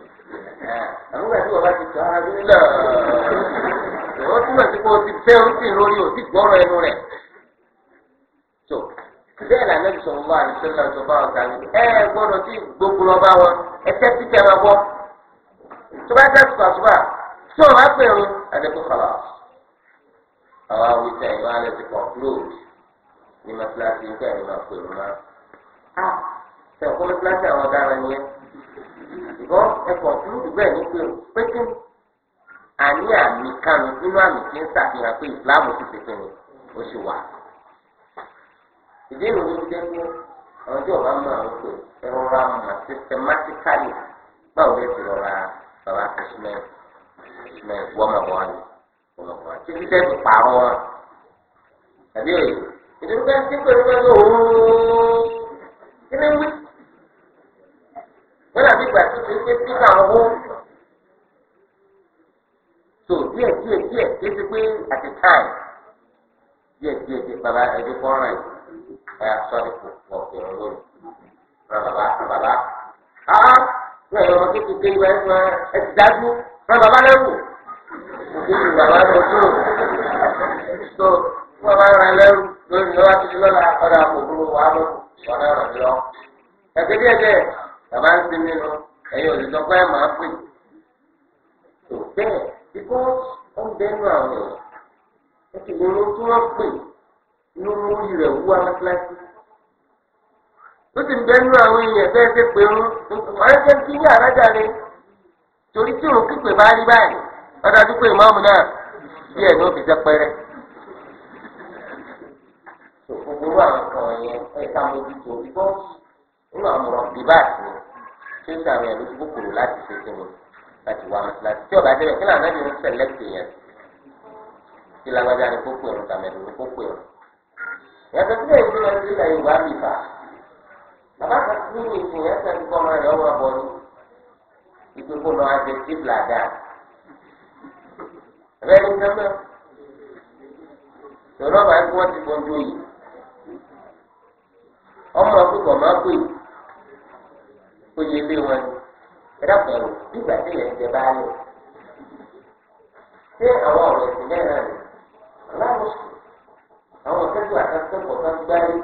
àwọn ìgbà tí wọ́n bá ti tọ́ ara ní lọ. ó túmọ̀ sí pé o ti bẹ́ orí lórí o ti gbọ́rọ̀ ẹnu rẹ̀. tó bẹ́ẹ̀ lànà ìṣòro wa àti sọ́lá tó bá ọ̀gá mi. ẹ gbọ́dọ̀ tí gbogbo lọ bá wọn ẹ tẹ́ títẹ́ máa bọ́. tó bá dá sùpà sùpà tí wọ́n bá pè é adẹ́kùn kọ̀lá. àwa wí ìwà alẹ́ ti conclude ní mọ́tíláṣí ń tẹ̀ ní máa pè é mọ́. ah tẹ̀ ọ̀pọ̀ mọ́tíláṣí àwọn ọ̀daràn yẹn ìbọn ẹ̀kọ́ fún ìgbẹ́ ní pé pékin àní àmì kanu nínú àmì tí ń ṣàfihàn pé ìsìláàmù ti pékin ni ó sì wà. ìdí ìròyìn ló jẹ́ pé àwọn tí ọba máa ń pè é rọra mà systematically báwo lè ti rọra bàbá kashmir kashmir wọ́mọ̀wọ́ni wọ́mọ̀wọ́ni títí tẹ́ fi pààrọ̀ wọn. àbí òye ìdúró bá ń tí pẹ̀lú bá kí ni wí wọ́n dàbí ìgbà tó ṣe pé píkà owó tó díẹ̀ díẹ̀ díẹ̀ ṣe ti pé àti táì díẹ̀ díẹ̀ díẹ̀ bàbá ẹ̀dí fọ́nrán yìí ẹ̀yà sọ́ni kò pọ̀ kẹrin lórí bàbá bàbá áá wọ́n ẹ̀rọ kékeré wá ẹ̀fọ́ ẹ̀ ti dájú wọ́n bàbá lẹ́wù òkúti bàbá lọ́jọ́ tó wọ́n bá rán lẹ́rù lórí lọ́wọ́ àti lọ́la ọ̀dà àpòkúrò wà á lọ́wọ́ ọ̀dà ọ̀dà lọ. ẹ̀gẹ́dẹ́ ẹ̀dẹ́ bàbá ń sinmi nu ẹ̀yin ò lè sọ pé ẹ̀ máa pè tó bẹ́ẹ̀ bíkọ́ ó ń bẹ́nu àwọn èèyàn ó ti gbòòrò tí wọ́n pè inú orí rẹ̀ wú amásíláṣí ó sì ń bẹ́nu àwọn èèyàn bẹ́ẹ̀ ṣe pé ń ọ̀rẹ́ ṣe ń kí ní àrájà rẹ̀ torí tí òun kíkpé bá rí báyìí ọ̀dà dúpọ̀ ìmọ̀ọ́mù náà bí ẹ̀ ní òbí jẹ́ pẹ́rẹ́ gbogbo àwọn kan yẹn ẹ̀ka mójútó bíkọ́ nínú àmọ̀ràn bíbáàsì ni tí ó sàwọn yẹn lójú kòkòrò láti ṣe kí ni láti wá mọ́sálásí tí ọ̀gá débẹ̀ kí làwọn ẹ̀dẹ̀ ń sẹ̀lẹ̀kì yẹn kí lágbájá ni kókó ẹ̀rọ tàmẹ̀dù ni kókó ẹ̀rọ. yàtọ̀ sílẹ̀ ìlú ẹ̀ sí ilẹ̀ yorùbá mi fà bàbá kan nínú ìsìn yẹn sẹ́ni kọ́ ọmọ rẹ̀ ọwọ́ ọ̀bọ ni ìpè kó lọ́ọ́ adé sí blàdà rẹ̀ ní sẹ́mẹ̀ tòrọ́bà ẹ̀kọ́ ti bọ́jú yìí ọmọ ọ̀gbìn kọ̀ máa pè é ó yẹ lé wọn ẹ̀dá pẹ̀lú nígbà tí yẹn jẹ bá lẹ̀ ṣé àwọn ọ̀rọ̀ ẹ̀sìn mẹ́rin rẹ̀ aláwọ̀ àwọn akẹ́kọ̀ọ́ akẹ́kọ̀ọ́ kan gbáyé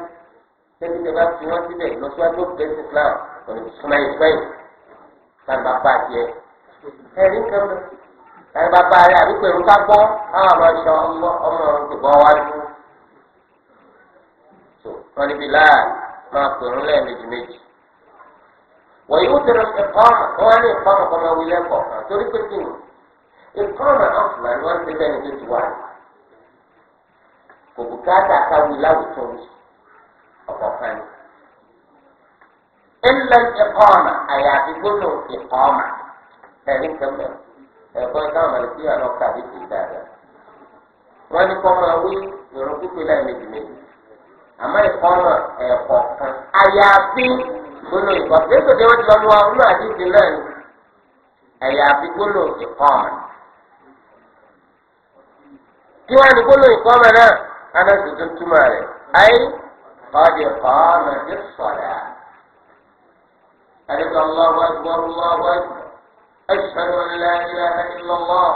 tẹ́lẹ̀ tẹ́ bá fi wọ́n síbẹ̀ lọ́síwájú bẹ́sì Islam ọ̀nà ìsúná ìsúnáyì táwọn bá bá jẹ ẹ̀rí kan bẹ̀ táwọn bá bá rẹ àbí pẹ̀lú ká gbọ́ àwọn ọmọ ìṣọ ọmọ ọmọ ìbọn wájú wọn níbi láàyè máa pèrún lẹ́ẹ̀mejì méjì wọ́n yóò tẹ̀lé ìkọ́mà wọ́n á ní ìkọ́mà kọ́ máa wílẹ̀ kọ̀ọ̀kan torí pé kí ni ìkọ́mà ọ̀fùnà ni wọ́n ti bẹ́ni tó ti wà ní. kò bùkátà káwí láwùjọ ọ̀kọ̀ọ̀kan ni. ilẹ̀ ìkọ́mà àyàfi gbọ́dọ̀ ìkọ́mà ẹ̀rí kẹ́mẹ́ ẹ̀kọ́ ìkọ́mà màlẹ́kíyà náà kàdé ti dáadáa. wọ́n ní kọ́ máa wí ìrọ̀kúkú láì méjì àmọ́ ìkọ́mà gbólóhùn ìkọ́ lẹ́sọ̀ tí wọ́n ti lọ mú wa nínú àdìsí náà ni ẹ̀yà àfi gbólóhùn ìkọ́ ọ̀mà. kí wọ́n ní gbólóhùn ìkọ́ ọ̀mà náà anáṣẹ́ tó túmọ̀ rẹ̀ ayé ọ̀dì ìkọ́ ọ̀mà ti sọ̀rọ̀ à. àdìgbà ọlọ́wọ́ ẹgbọ́rún aye odi iko ọmọ أشهد أن لا إله إلا الله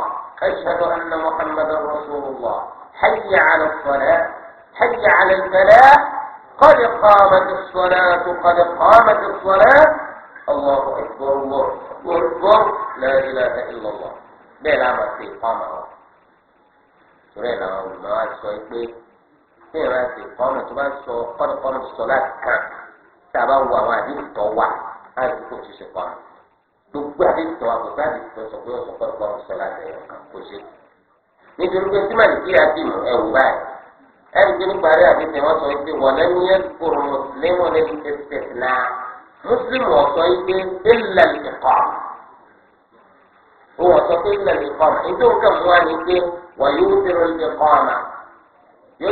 أشهد أن محمدا رسول الله حي على الصلاة حي على الفلاح قد قامت الصلاة قد قامت الصلاة الله أكبر الله أكبر لا إله إلا الله بين عمل في إقامة سوري ما أسوى إيه بين عمل في إقامة ثم أسوى قد قامت الصلاة كان sábà wo àwọn àdéhùn tó wà láti kó ti ṣe pamọ́ gbogbo àdéhùn tó wà kò sáà àdéhùn tó sọ pé ọ̀sán pọ̀ pọ̀ sọ láti ẹ̀yọ̀ kan kó ṣe nítorí pé símàlì kí á dì mọ́ ẹ̀wù báyìí ẹnìkí nípa rẹ àti tẹ̀wọ́n sọ pé wọlé ní ẹ̀kúrò mùsùlùmí ní ìsìtìlá mùsùlùmí ọ̀sọ́ pé ilẹ̀ ìkọ́ òun ọ̀sọ́ pé ilẹ̀ ìkọ́ mà ní tó mú wa ní pé wọ́n yóò ti rọ ilẹ̀ yóò mú kan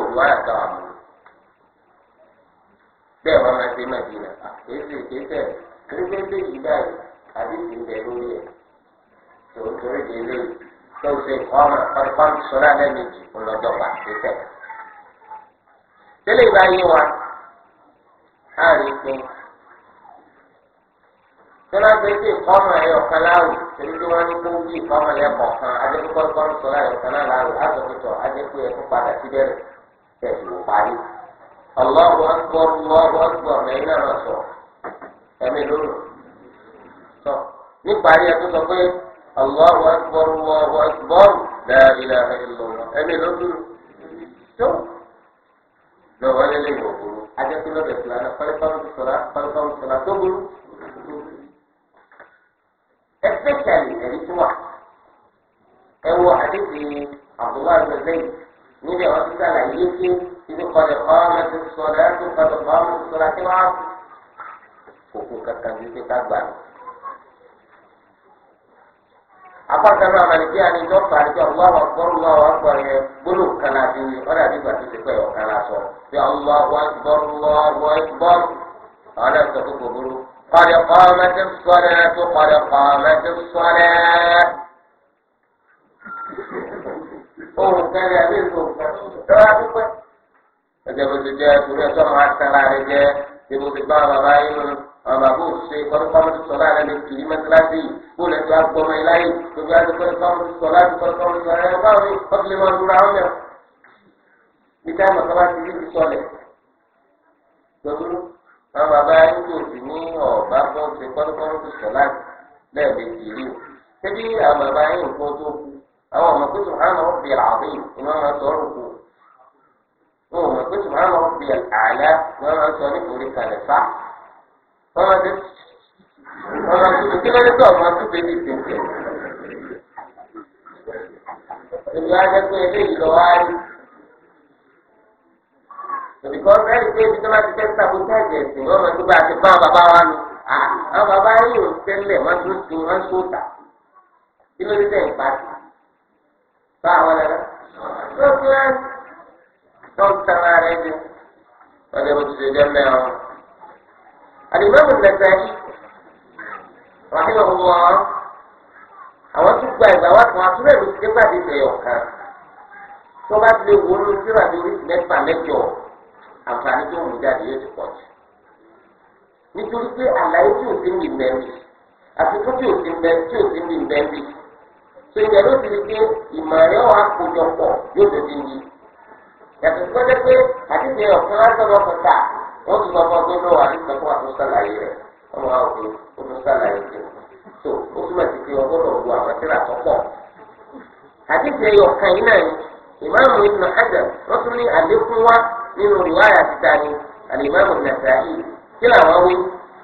àwọn ni kan torí bẹ́ẹ̀ wọ́n máa ṣe màdínà kéésì kéésì kéésì yìí báyìí àdìsí bẹ̀ lórí ẹ̀ tòun torí di eléyìí tó ṣe ọmọ ọ̀pọ̀n sọ́lá lẹ́ẹ̀mejì ọlọ́jọ́ pa kéésì. tẹ́lẹ̀ ìbá yé wa á rí i pé tọ́lá gbé sí ìkọ́mọ ẹ̀yọ̀ kan láwù torí tí wọ́n ní kó bí ìkọ́mọ lẹ́kọ̀ọ́ kan adékúkọ́ ọ̀pọ̀n sọ́lá ẹ̀yọ̀ kan láwù á sọ pé tọ́ adékú ẹ̀kú padà síbẹ̀rẹ̀ tẹ̀síwò parí. Allahu akbar Allahu akbar lẹ́yìn náà máa sọ ẹ̀mí lónìí sọ níparí ẹ̀ tó sọ pé Allahu akbar Allahu akbar la ilaha illallah ẹ̀mí lónìí tó lọ́wọ́ lẹ́lẹ́yìn òkúrú ajẹ́pẹ́lẹ́ bẹ̀rẹ̀ sílára pálípàlù sọ̀rọ̀ pálípàlù sọ̀rọ̀ tó burú especially ẹ̀rí tó wà ẹ wọ àdébìí Abdullahi bẹ̀rẹ̀ níbẹ̀ wọ́n ti sàlàyé pé. إذ قد قامت الصلاة قد قامت الصلاة العصر kòkó kankan bíi pé ká gbà. apákan náà màlìkí àni dọ́kítà àti ọlọ́wọ́ gbọ́rùlọ́ ọ̀gbọ́n yẹn gbọ́dọ̀ kala bí wí ọ̀dà bí gbà tó ti pẹ́ ọ̀kan la sọ bí ọlọ́wọ́ gbọ́rùlọ́ ọ̀gbọ́n ọ̀dà sọ pé kò burú. kọ̀dẹ̀ kọ́mẹ́tì sọ́dẹ̀ tó kọ̀dẹ̀ kọ́mẹ́tì sọ́dẹ̀. ohun kẹlẹ́ àbí ìfowópamọ́ tọ́lá pípẹ́ gẹ́gẹ́ bó ti jẹ́ torí ẹ̀ sọ́nà máa tẹ́lá rẹ jẹ́ ìbò ti bá bàbá yín mu bàbá bò ṣe kọ́lùkọ́lù ti sọ̀rọ̀ àlẹ́ lè kì í mẹ́tíláṣí bó lè tó agbọ́mọ ilá yìí gbogbo àti kọ́lùkọ́lù ti sọ̀rọ̀ àti kọ́lùkọ́lù ti sọ̀rọ̀ ẹ̀ báwo ni wọ́n ti lè máa lura ọ́n mẹ́wọ̀. níta ìmọ̀ sábà ti rí ti sọlẹ̀ lọ́dún àwọn bàbá yín tó sì ní ọ̀bá bọ́ ṣe kọ́lùkọ́lù wọn ò mọ̀ pé ṣùgbọ́n àwọn fi àlá ni wọ́n sọ nítorí kalẹ̀ fa wọ́n máa ti wọ́n máa tún kí lóde tó ọmọ tún bèbí tètè. èmi á jẹ́ pé eléyìí lọ wá rí tòbíkọ́ bẹ́ẹ̀ pé ibi tó bá ti fẹ́ sàbótájì ẹ̀sìn wọ́n máa tún bá a ti bá bàbá wa nù àwọn bàbá yìí ò tẹ́lẹ̀ wọ́n tún tún wọ́n tún tà kí lóde tẹ̀ ń pa bá àwọn ẹ̀rọ lọ́n tara rẹ̀ jẹ lọ́dẹ bó ti ṣe jẹ́ mẹ́rin. àdìgbàmù nẹ̀tẹ̀ wàhíwá wọ àwọn tó gba ìgbà wá kan àtúrò ìlú ti dépà dé ìfẹ̀yọ̀ kan tó bá ti lè wo ló síra bí orí mẹ́fà mẹ́jọ àǹfààní tó ń jáde yóò ti pọ̀ ìmọ̀ rẹ̀ wà yóò tó ti yí yàtọ̀ sọ́jọ́ pé àdìsí ọ̀kan lásán lọ́kàn ta wọ́n ti lọ́kọ́ tó lọ́wọ́ àdìsí ọ̀kan àtún sàlàyé rẹ̀ ọmọ àwọn òfin ó tún sàlàyé jù tó ó túmọ̀ sí pé ọgọ́dọ̀ wo àwọn tíra tó pọ̀ àdìsí ọ̀kan yìí náà ìmáàmù Ibn Hajar wọ́n tún ní àlékún wá nínú ìwáyà títa ni àlìmáàmù Nasa'i kí làwọn wí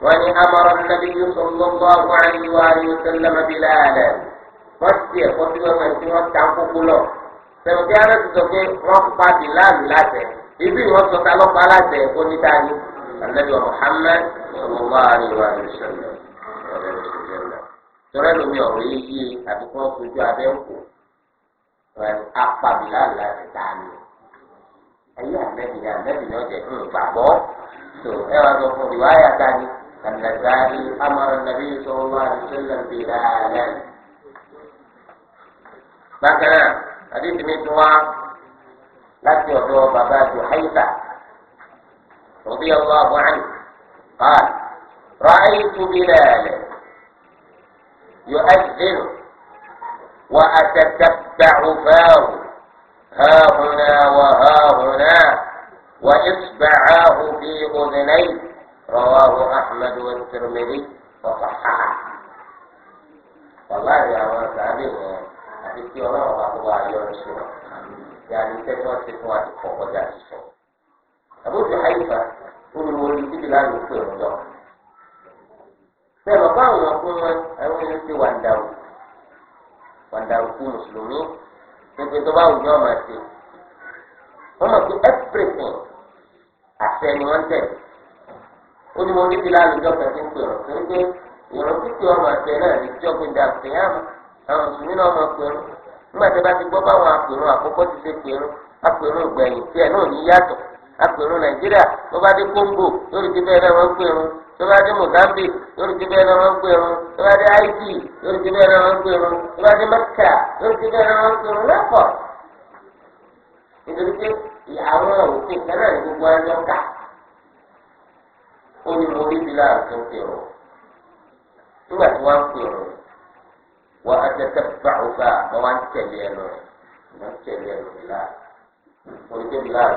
wọ́n ní amọ̀ràn nàbí yusuf lọ́gbọ́ àwọn àyè tẹ̀wọ̀kẹ́ ara ti sọ pé wọ́n pa bíláàlù láṣẹ ibi ìwọ́n sọ ta lọ́pàá láṣẹ onídàájú anabi muhammed sallallahu alayhi wa sallam tọ́lá lomi ọ̀rọ̀ yìí yé àbí kí wọ́n fojú abẹ́ ń kó apá bíláàlù láṣẹ tààlù ayé anabi ni anabi ni ọjà ń gbàgbọ́ tó ẹ wá sọ fún mi wá tani anasari amara nabi sallallahu àdéhùn mi tún wá láti ọ̀dọ̀ bàbá juhaita rọ̀bí ọlọ́ àbúrán qal ra'aytu bilalan yu'adhdhin wa atatabba'u fahu hahuna wa hahuna wa isba'ahu fi udhnayhi rawahu ahmad wa tirmidhi wa sahhahahu. wàláyé àwọn sàbẹ̀ yẹn àti kí ọlọ́run bá kó bá yọ ní wọn yàrá iṣẹ́ tí wọ́n ti fún wa ti pọ̀ kọjá sísọ. àbójú àyíká olùwò ní bíbí láàyò pé òun lọ. bẹ́ẹ̀ bàbá àwọn ọkùnrin wọn àwọn ni. ti wàǹdàrú wàǹdàrú sí mùsùlùmí nígbè tó bá wùdí ọmọ ẹsẹ wọ́n mọ̀ sí everything àṣẹ ni wọ́n tẹ̀. ó ní mo bíbí láàyò jọ́ kẹ́kẹ́ pé òun torí pé ìrántí pé ọmọ ẹsẹ náà àwọn mùsùlùmí náà mọ̀ pẹ̀lú nígbà tí a bá ti gbọ́ báwọn apèrún àkọ́kọ́ ti ṣe pẹ̀lú apèrún ìgbẹ̀yìn tí ẹ̀ náà ní yàtọ̀ apèrún nàìjíríà tó bá dé kóńgò lórí ti bẹ́ẹ̀ náà wọ́n pẹ̀rún tó bá dé mozambique lórí ti bẹ́ẹ̀ náà wọ́n tó bá dé wà á tẹ́tẹ́ báwùfà wọ́n wá ń tẹ̀lé ẹnu rẹ̀ wọ́n ń tẹ̀lé ẹnu Bilal orí pé Bilal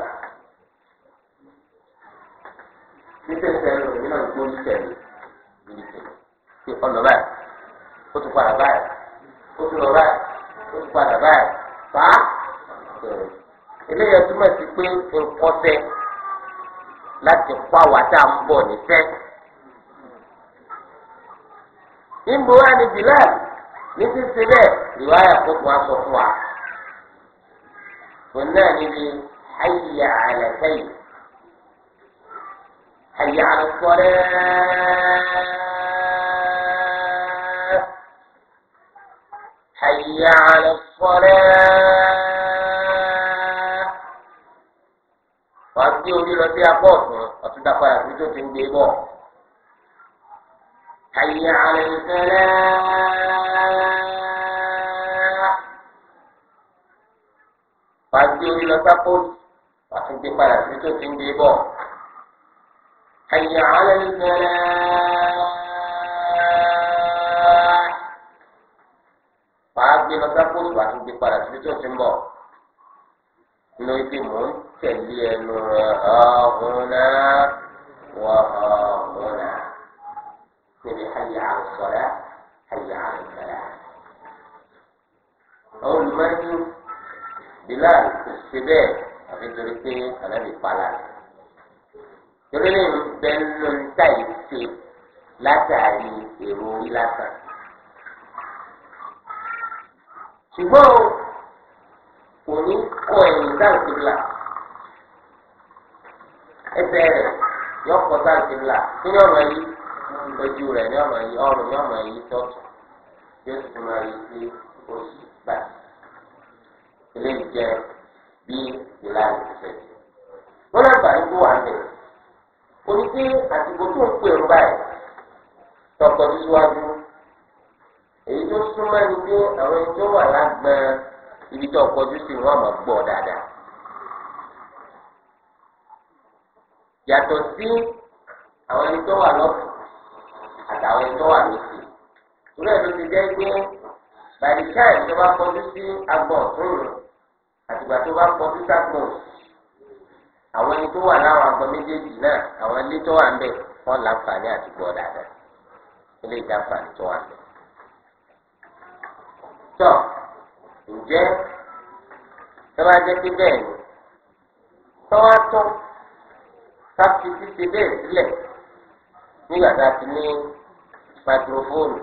títẹ̀ sẹ́nu rẹ̀ náà tó ń tẹ̀lé gbìyànjú pé ọ̀nà báyìí ó tún padà báyìí ó tún lọ báyìí ó tún padà báyìí fà á eléyà túmọ̀ sí pé nǹkan fẹ́ láti pa wàtá Bilal. ní sísè bẹ́ẹ̀ rìwáyà kókò aṣọ fún wa òun náà níbi ayé àlẹ́sẹ̀yìn ayé àlùkọ́rẹ́ ayé àlùkọ́rẹ́ wàá gbé orí lọ sí apá ọ̀tún ọ̀tún dápadà sí tó ti ń gbé bọ̀. حي على الفلاح pàdé orí lọ sápò pàtó gbé padà sí tó ti ń gbé bọ̀ حي على الفلاح pàá gbé lọ sápò pàtó gbé padà sí tó ti ń bọ̀ nínú ibi mò ń tẹ̀lé ẹnu rẹ̀ ọ̀hún náà wọ̀ ọ̀hún náà níbi hayya ala salat hayya ala salat. àwọn olùmọ̀ẹ́ni bilal kò ṣe bẹ́ẹ̀ àfi torí pé ànábì pala rẹ̀. torí lè ń bẹ nínú níta yìí ṣe látàrí èrò orí lásán. ṣùgbọ́n kò ní kọ ẹ̀yìn dáhùn kíbla ẹsẹ̀ rẹ̀ yọ kọ dáhùn kíbla kí ni ọ̀rọ̀ yìí ojú rẹ̀ ní ọmọ yìí ọrùn ní ọmọ yìí tọ́tù yóò sì máa yí sí oṣù gbà ilé jẹ bí ìlà ìfẹ́. wọ́n lọ gbà yín kó wà ní oníṣe àtìkò tó ń pè ń báyìí tọkọ síwájú èyí tó súnmọ́ ni pé àwọn ẹni tó wà lágbọ́n ibi tó kọjú sí wọn àmọ́ gbọ́ dáadáa. yàtọ̀ sí àwọn ẹni tó wà lọ́kàn àtàwọn ẹ̀tọ́ wà lókè ìwé ẹ̀ ló ti jẹ́ pé bàdìkáì tó bá kọjú sí agbọ̀n fúnrun àtìgbà tó bá kọjú ságbọ̀n àwọn ẹni tó wà láwọn agbọ̀n méjèèjì náà àwọn ilé tó wà ń bẹ̀ wọ́n láǹfààní àtìgbọ̀ dáadáa ilé ìdáǹfààní tó wà bẹ̀. tọ́ ǹjẹ́ tó jẹ́ pé bẹ́ẹ̀ ni tọ́wá tó ká fi ṣíṣe bẹ́ẹ̀ sílẹ̀ nígbà tá a ti ní microphone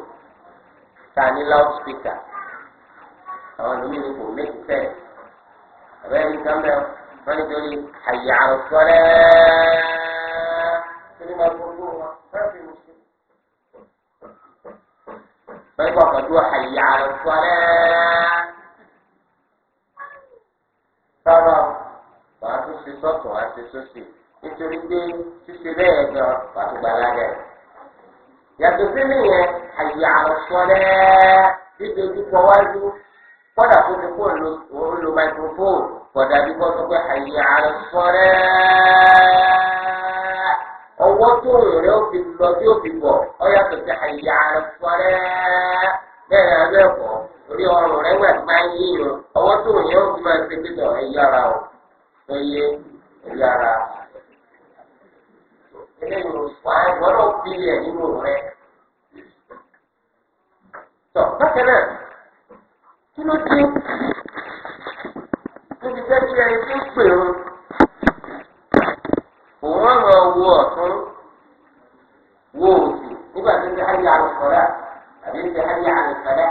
ta ní loudspeaker àwọn ẹlòmíì ní kò make sense àbẹ́rẹ́ ní kámẹ́rà wọ́n ní torí àyà àròsọ́rẹ́ torí microphone wọn wọ́n fi mú sí. wọ́n ní kọ́kọ́ dúró àyà àròsọ́rẹ́ sábà wàá tún ṣe sọ́tún àti sósì nítorí pé ṣíṣe bẹ́ẹ̀ gan-an wàá tún gbalága ẹ̀. yàtọ̀ sí nìyẹn àyè àròsọ̀rẹ́ dídójúkọ wájú kọ́dà kó ti kó lo microphone kọ́dà bí kò pé àyè àròsọ̀rẹ́ ọwọ́ tó rẹ̀ ó fi lọ tí ó fi ọ yàtọ̀ sí àyè eléyìí wà á wọ́n náà ẹ̀ nínú rẹ̀. tọ́ bákan náà kí ló dé níbi jẹ́ kí ẹni tó pè ó òun á lọ wo ọ̀tún wo òsì nígbà tó ti ayé àlùfọ́lá àbí ti ayé àlùfọ́lá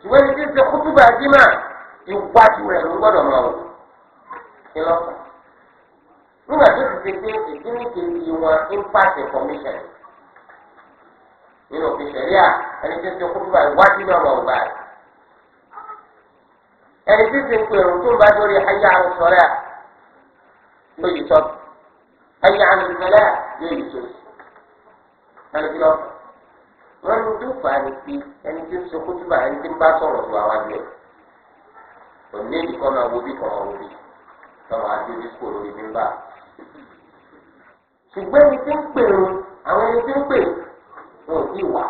ṣùgbọ́n ní ti ṣe kútùbà dímà iwájú rẹ̀ ló gbọ́dọ̀ mọ̀ ọ́ kí lọ́kàn nígbà tó ti ṣe pé ìdílé wọn impact information nínú òfin ṣẹ̀ríà ẹni tí ń ṣe kúrúbà ìwádìí náà wà ọgbà rẹ̀ ẹni tí ń ṣe pé òun tó ń bá lórí ayé àrùn sọ̀rọ̀ à yóò yí tọ́ ayé àrùn ìṣẹ̀lẹ̀ à yóò yí tó ẹni tí lọ́kọ̀ wọ́n ní tó fà á ní pé ẹni tí ń ṣe kúrúbà ẹni tí ń bá sọ̀rọ̀ tó àwọn àgbẹ̀ òní ìdíkọ́ máa wo bí kọ́ máa wo bí tọ́wọ́ adé bí kò lórí bí ń bá ṣùgbọ́n ẹni tí ń pè o àwọn ẹni tí ń pè wọn ò tíì wà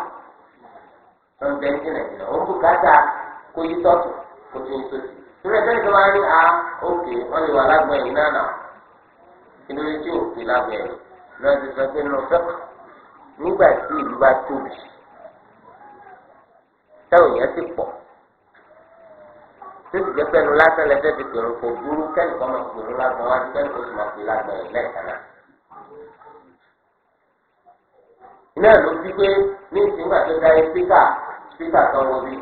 wọn bẹ ní nàìjíríà wọn bú káta kó yí tọ́tù kó tún yí sósì torí ẹgbẹ́ nìkan máa ń rí a ah, òkè wọn lè wà lágbọ̀n yìí náà nà ìdúró tí ò fi lágbọ̀n yìí lọ́wọ́ ti sọ pé nínú fẹ́kù nígbà tí ìlú bá tóbi táwọn èèyàn ti pọ̀ tó ti jẹ́ pẹ́nu lásán lẹ́fẹ́ ti pèrò kò burú kẹ́nìkan máa pèrò lágbọ̀n wá náà ló fi pé ní ìsìngbà tó da spíkà spíkà kan wo bí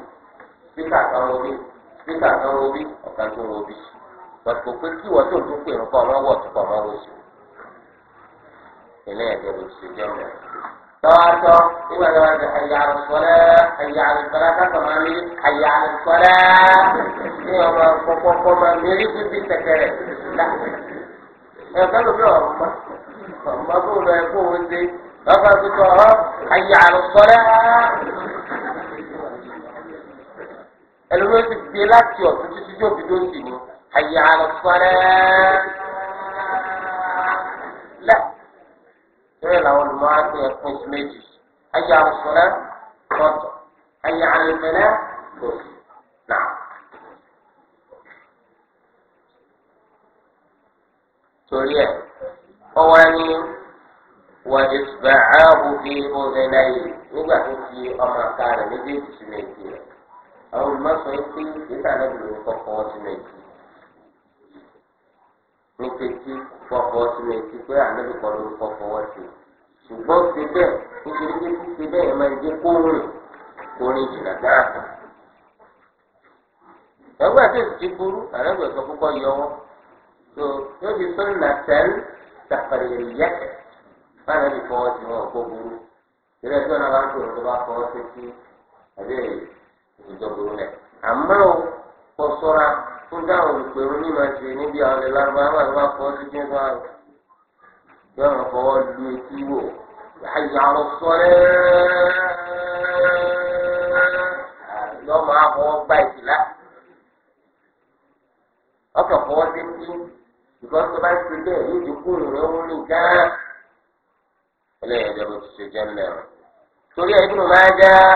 spíkà kan bí spíkà kan bí ọ̀kan tó wo bí pàtó pé kí wọ́n tó tún pè ọmọ wọ̀ tó ọmọ wọ̀ sí ti nígbà tó wá ẹ̀yà ẹ̀yà máa ẹ̀yà ní ọmọ kọ́kọ́kọ́ máa rí bíbí tẹ̀kẹ̀rẹ̀ ẹ̀ka ló lọ́kàn tó tọ̀ ọ́ ayé àlùsọ́lá ẹlòmíràn ti gbé láti ọ̀tún títí tí òbí tó sì ní ayé àlùsọ́lá lẹ́ bẹ́ẹ̀ làwọn olùmọ̀ á pè é fún ìsú méjì ayé àlùsọ́lá lọ́tọ̀ ayé wọ ìfẹ̀hàhù fi ọ̀rẹ́lẹ́yìn nígbà tó fi ọmọ àká rẹ̀ méjèèjì sínú etí rẹ̀. àwọn olùmọ̀sán pé ìgbésà náà ló ń kọ́kọ́ ṣùgbọ́n nítorí pé bẹ́ẹ̀ máa ń jẹ́ kó rìn kó rìn jìnnà ẹgbẹ́ ti burú àrẹ́gbẹ̀ẹ́ sọ yọ wọ́n. yóò fi sọ́nà báyìí lẹ́bi fọwọ́ sí wọn kó burú ìrẹ́ tí wọn bá ń tòrò tó bá fọwọ́ sí kí ẹbí ìjọ burú lẹ̀. àmọ́ o kò sọ́ra fún dáhùn olùpẹ̀rù ní màá ṣe níbi àwọn ilé fọwọ́ sí kí wọ́n bá fọwọ́ lu etí wò lọ́mọ ọkọ̀ fọwọ́ sí kí bá bẹ́ẹ̀ yóò kúrò rẹ̀ eléyìí ẹjẹ bó ti ṣe jẹ ńlẹ o torí ẹ Ibnu Majah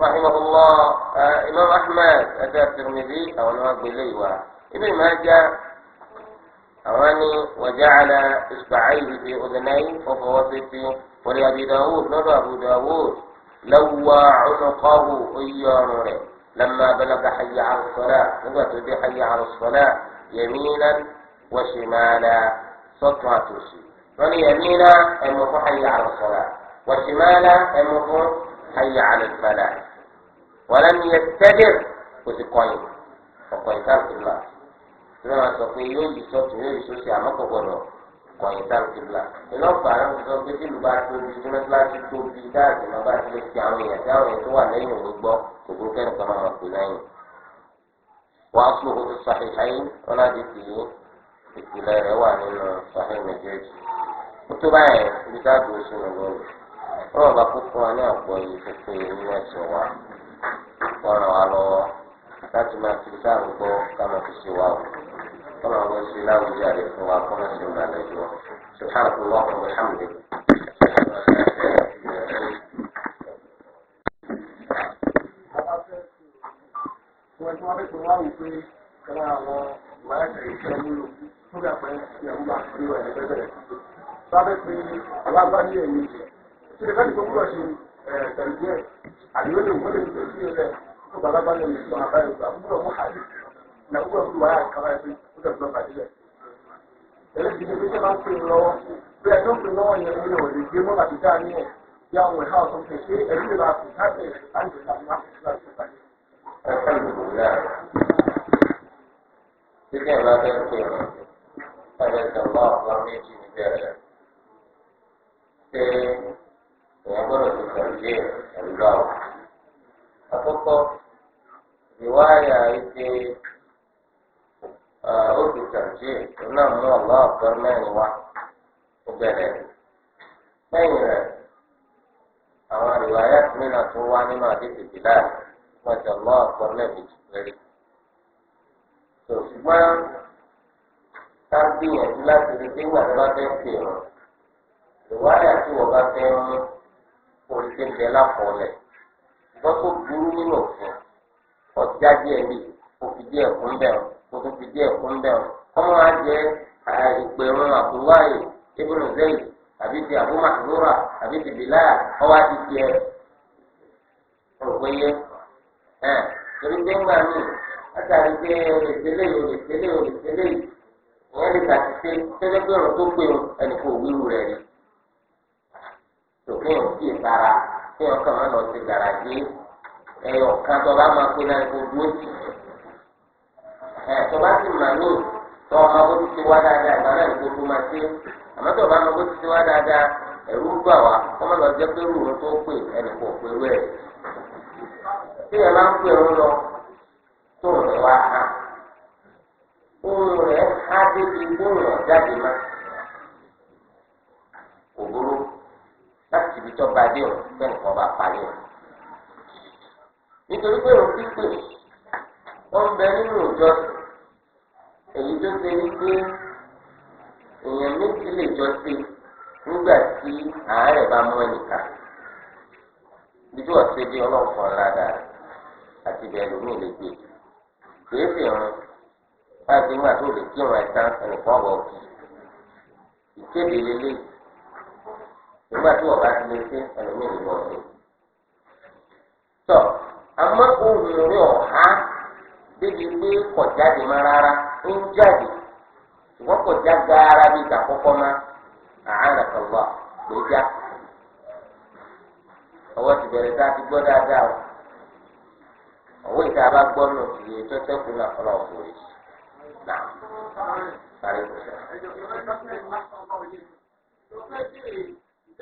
rahimahullah Imam Ahmad ẹsẹ Tirmidhi àwọn ni wọn gbé eléyìí wá Ibnu Majah àwọn ni waja'ala isba'ayhi fi udhnayhi fọfọwọ títí wọlé Abi Dawud lọ́dọ̀ Abu Dawud lawwa unuqahu oyè ọrùn rẹ̀ لما بلغ حي على الصلاة نقول حي على الصلاة يمينا وشمالا سطوة توشي wọ́n ní yamina ẹmu fún hayya ala salat wa shimala ẹmu fún hayya ala falah wa lam yastadir kò sì kọyìn ọ̀kọ̀yìn sáàkìlá ìlú wa sọ pé yóò yí sọ́tún yóò yí sọ́sì àmọ́ kò gbọdọ̀ kọ̀yìn sáàkìlá ìlú ọ̀pọ̀ àwọn ti sọ pé tí ìlú bá tóbi tí mẹ́tíláṣí tóbi dáàbì náà bá ti lè fi àwọn èèyàn tí àwọn èèyàn tó wà lẹ́yìn òní gbọ́ kò burú máa pè lẹ́yìn. wàá sùn òkú sàhìhàyìn wọn láti tì í ìpìlẹ̀ rẹ̀ wà nínú sàhìhàyìn méjèèjì tó báyìí ibi tá a dúró sí ní lónìí wọn bá kó fún wa ní àgbọ̀ yìí tó pé nínú ẹ̀sìn wa kọ́ra wa lọ́wọ́ láti máa fi sáà ń gbọ́ ká máa fi ṣe wa o kọ́ra wa sí láwùjọ àlè fún wa kọ́ra sí ìgbà lẹ́jọ́ subhanahu wa rahmatulahi. wọ́n sábẹ́ pé alábá ní ẹ̀mí jẹ ṣe lè fẹ́ nípa wúlọ̀ ṣe tẹ̀lé ẹ̀ àdúgbò lè wọlé ní ojú rẹ̀ tó bàbá bá lè sọ àbáyọ gbà wúlọ̀ mú àlè nà wúlọ̀ mú wàhálà kàwá ẹ̀ pé ó tẹ̀ fún ọ̀bàdìlẹ̀ ẹ̀rẹ́ pé èèyàn gbọ́dọ̀ ti tẹ̀lé ẹ̀lọ́ àkọ́kọ́ ìwáyà ike ó tẹ̀lé náà mú ọ̀lá ọ̀tọ́ mẹ́rin wá ó bẹ̀rẹ̀ lẹ́yìn rẹ̀ àwọn ìwáyà mìíràn tó wá nínú àdéhùn ìbílẹ̀ ọ̀lá mẹ́rin pẹ̀lú. ká gbìyànjú láti rí pé ìwádìí àti ìwọ̀nba fẹ́ mú oríṣi ńlẹ̀ lápọ̀lẹ̀ ṣùgbọ́n tó burú nínú òfin ọ̀já díẹ̀ bí kò fi díẹ̀ kún bẹ́ẹ̀ kò ọmọ àbí ti àbúmàdúrà àbí ti bìláyà ọwọ́ àti tiẹ̀ ẹ̀ torí pé ńgbà látàrí pé ìyẹn lè tòkè ò sí ìsara kí ọkàn máa lọ sí gàràjì ẹyọ kan tó bá máa pín náà gbogbo òtì ẹ tó bá sì mà ní tó ọmọ bó ti ti wá dáadáa ìgbà náà gbogbo máa ṣe àmọ́ tó bá ọmọ bó ti ti wá dáadáa ẹ̀rú gbà wá kọ́ máa lọ jẹ́ pé rúurú tó pè ẹnì kò pé tí ẹ láti ibi tó bá dé o fẹ́ni kan bá parí o. nítorí pé òun pípé wọ́n bẹ nínú ìjọ èyí tó ṣe ní pé èèyàn méjì lè jọ sí nígbà tí àárẹ̀ bá mú ẹnìkan bíjú ọ̀sẹ̀ bí ọlọ́ọ̀kan ládàá àti bẹ́ẹ̀ lómi lè gbé kìí sì rún láti nígbà tó lè kírun ẹ̀sán ẹnìkan bọ̀ kì í lélẹ́yìí. nígbà tí wọ́n bá ti lè ṣe ẹlòmíì ní wọ́n ṣe. tọ́ àmọ́ ohun rẹ̀ ọ̀há débi pé kọ̀ jáde má rárá ń jáde ṣùgbọ́n kọ̀ já gaara bíi ìtàkọ́kọ́ má àánà kọ̀wá ló já. ọwọ́ ti bẹ̀rẹ̀ sáà ti gbọ́ dáadáa o ọwọ́ ìta bá gbọ́ nù ìyè tó tẹ́kù náà fọlọ́ òfòrè na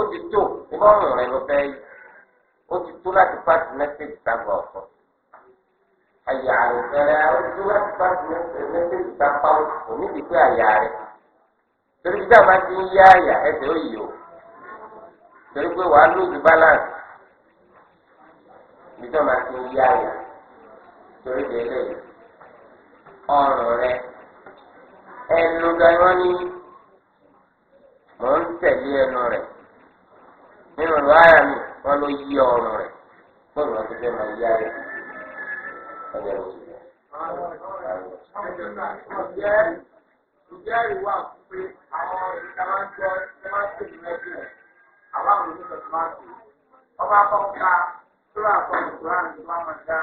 ó ti tó ìmọ̀ràn rẹ ló fẹ́ yìí ó ti tó láti pàṣẹ mẹ́sẹ̀gì tágbà ọ̀tún àyà rẹ ó ti tó láti pàṣẹ mẹ́sẹ̀gì tágbà ọ̀tún òní ti pé àyà rẹ torí bí dáhùn bá ti ń yá àyà ẹsẹ̀ ó yìí o torí pé wàá lóògì balance bí dáhùn bá ti ń yá àyà torí bí eléyìí ọrùn rẹ ẹnu gan-an ni mò ń tẹ̀lé ẹnu rẹ̀ nínú ìwáyà mi wọn ló yí ọrùn rẹ̀ bọ́ọ̀lù wọn ti fẹ́ máa yá rẹ̀ ọjà ló ti bẹ̀. ǹjẹ́ ǹjẹ́ ìwà pé àwọn ìdámájọ́ ìdámájọ́ ìrẹ́jọ́ rẹ̀ àwọn àwọn oníṣẹ́ tó máa tó ọba kọ́ńtà tó rà fún ìkúrán tó máa máa dá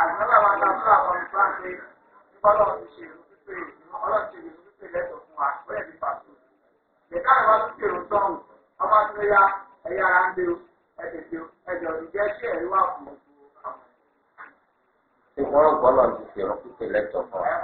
àgbẹ̀wò àwọn àgbà tó rà fún ìkúrán pé kọ́lọ̀ ti ṣe ìlú pípé ìlú. pé á ẹ̀yà ara ń lé o ẹ̀tẹ̀tẹ̀ o ẹ̀jọ̀ ìjẹ́ sí ẹ̀rí wà fún ọ̀pọ̀lọpọ̀ lọ ti fi ọ̀rọ̀ pípé lẹ́tọ̀ fún wa.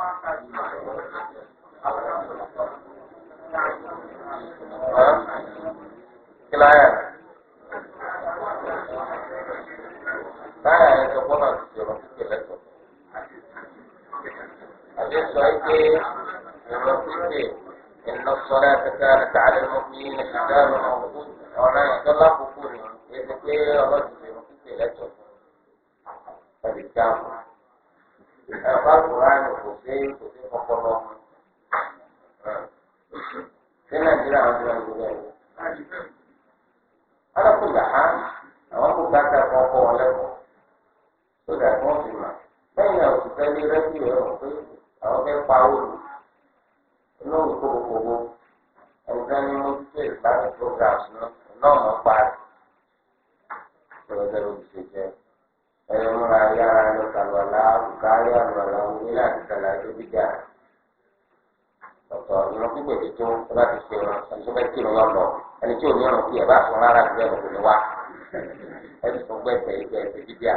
lè jẹ́ ẹ̀sìn dídí à.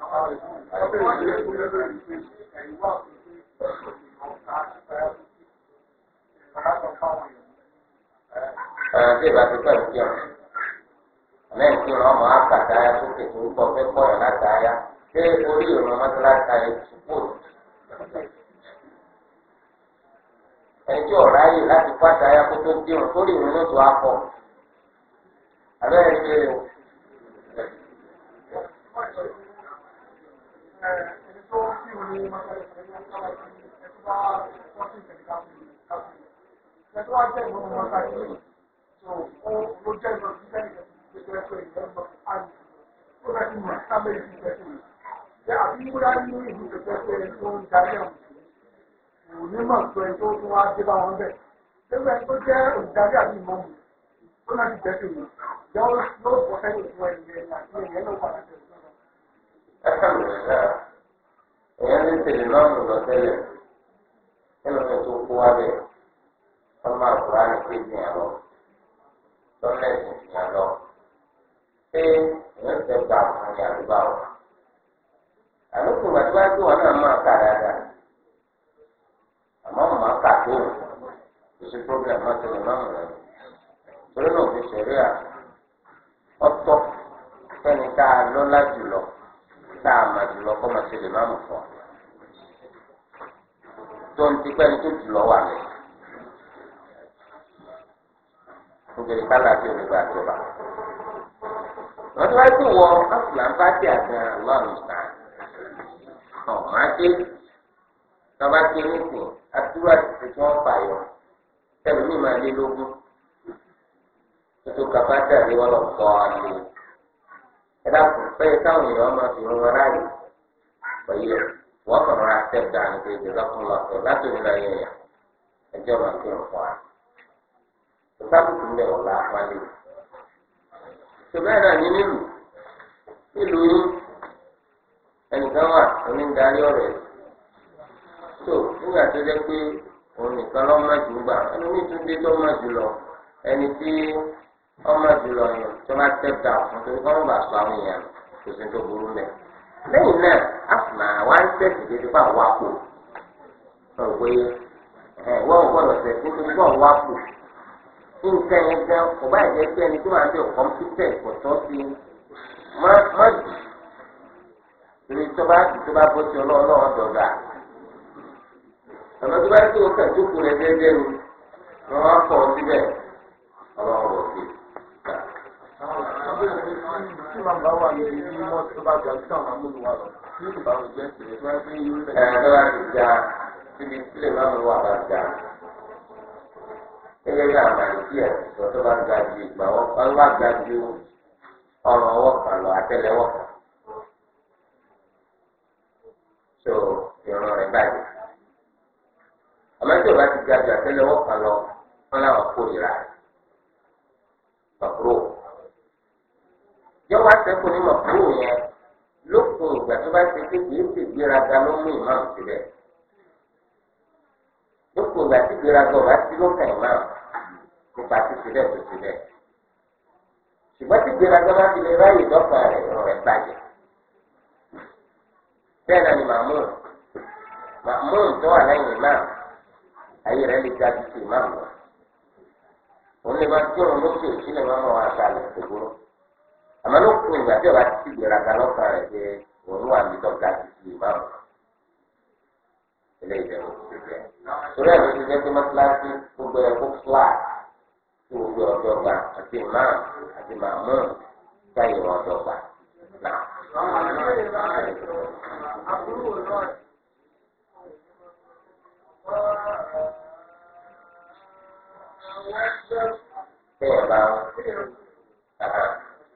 Ẹ̀rọ tí ìgbà tó pẹ̀lú kí ọ̀rọ̀ lẹ́yìn tí ìrọ̀ ọmọ àkàtàyà sókè tó ń bọ̀ fẹ́ pọ̀yọ̀ látàyà ṣé orí ìrọ̀ mọ́tàlátà yẹn ti pò ẹjọ́ ọ̀ráyè láti pàtàyà kó tó dé òun sórí ìrún lóṣù akọ. èèyàn ọ̀tọ̀ ẹni tá a lọ́lá jùlọ tá a mà jùlọ kọ́ máa ṣe lè má mú fún ọ. tó ń ti pẹ́ni tó jùlọ wà lẹ̀. nítorí kálá tí omi bá jọba. wọ́n ti wá sí wọ ọ́sùlán bá dé àgbà lọ́rùn sàn. ọ̀hún adé tọ́ba ti ní kù àtúrò àti tuntun ọ̀fà yọ. tẹ̀lé mi máa lé lógún tuntun kàfá jáde wọn lọ pọ̀ àlè ẹ̀dá pẹ́ táwọn èèyàn máa fi wọn ráàyè pẹ̀lú wọ́n kàn máa tẹ̀ dànù pé ìjọba fún wa pẹ̀ láti òun láyé yẹn ẹjọ́ máa fi hàn fún wa. ìsábùkù ń bẹ̀ wọ́n la wálé. ìṣòro ẹ̀dá ní nílùú nílùú yín ẹnìkan wà onídarí ọ̀rẹ́ tó nígbà tó jẹ́ pé òun nìkan lọ́ọ́ má jù gbà ẹni omi tún dé tó má jù lọ ẹni tí. ọmọ jùlọ yẹn tó máa step down fún torí kọ́ mọ́ bá sọ àwọn èèyàn kò sí tó burú mẹ́. lẹ́yìn náà asùnà wá ń tẹ̀sí dédé fún àwọn apò wọn ẹ̀ wọ́n ò gbọ́dọ̀ tẹ̀ fún torí fún àwọn apò nǹkan yẹn gan kò bá ìjẹ́ pé ẹni tó máa ń bẹ̀ kọ́mpútẹ̀ kò sí tó bá bẹ̀rẹ̀ pé tí màá bá wà ní ibi mọ́ tó bá gba tí àwọn amúlù wà lọ tí yóò bá wù jẹ́ pé tí wọ́n fi yóò lẹ̀. ẹ̀rọ tó ti ja sílẹ̀ máa ń wà bá ja. gẹ́gẹ́ bí àmàlì díẹ̀ sọ tó bá ga ju ìgbà wọ́n bá wà ga ju ọrùn ọwọ́ kan lọ àtẹ́lẹwọ́ kan. so ìrọ̀rùn rẹ̀ báyìí. àmọ́ tí o bá ti ga ju àtẹ́lẹwọ́ kan lọ wọ́n láwọn kórìíra rẹ̀. bá sẹ́kù ní màkúrò yẹn lókun ìgbà tó bá ṣe pé kìí ṣe ìgbéraga ló mú ìmáà síbẹ̀ lókun ìgbà tí ìgbéraga ọ̀bá sí lọ́kàn ìmáà nípa ti síbẹ̀ tó síbẹ̀ ṣùgbọ́n tí ìgbéraga bá fi lè ráyè dọ́kàn rẹ̀ rẹ̀ bàjẹ́ bẹ́ẹ̀ náà ni màmúù màmúù tó wà lẹ́yìn ìmáà ayé rẹ̀ lè ga ju ti ìmáà lọ òun lè máa tó òun lókè òsì lè máa àmọ́ ló kún ìgbà tí ọba ti ti gbéraga lọ́kàn rẹ̀ pé òun wà níbi tọ́ka ti ti ìmọ̀ àwọn ilé ìjẹun ti jẹ. torí ẹ̀ ló ti jẹ́ pé mọ́tíláṣí gbogbo ẹ̀ kó flat tí gbogbo ọ̀dọ́ gba àti imam àti màmú táyì wọn ọ̀dọ́ gba. Bẹ́ẹ̀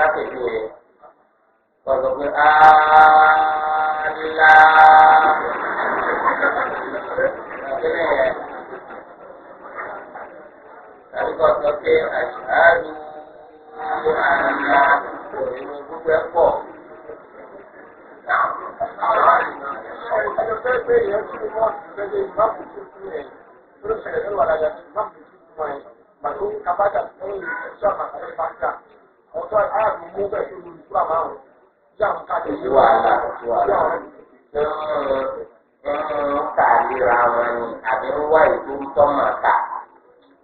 lápèjú rẹ̀ wọ́n sọ pé áàlá ìpínlẹ̀ yẹn tàbí kọ́ sọ pé Eu àná òṣèlú gbogbo ẹ̀ pọ̀. Terus saya keluar dari masjid, masjid, masjid, masjid, masjid, masjid, masjid, masjid, masjid, ọ̀tọ̀ ìyá mi mú bẹ́ẹ̀ tó lórí fúlà márùn bí àwọn kájọ yìí wà láti wà láti. ń kà lera wọn ni àbí ń wá ètò tó máa kà.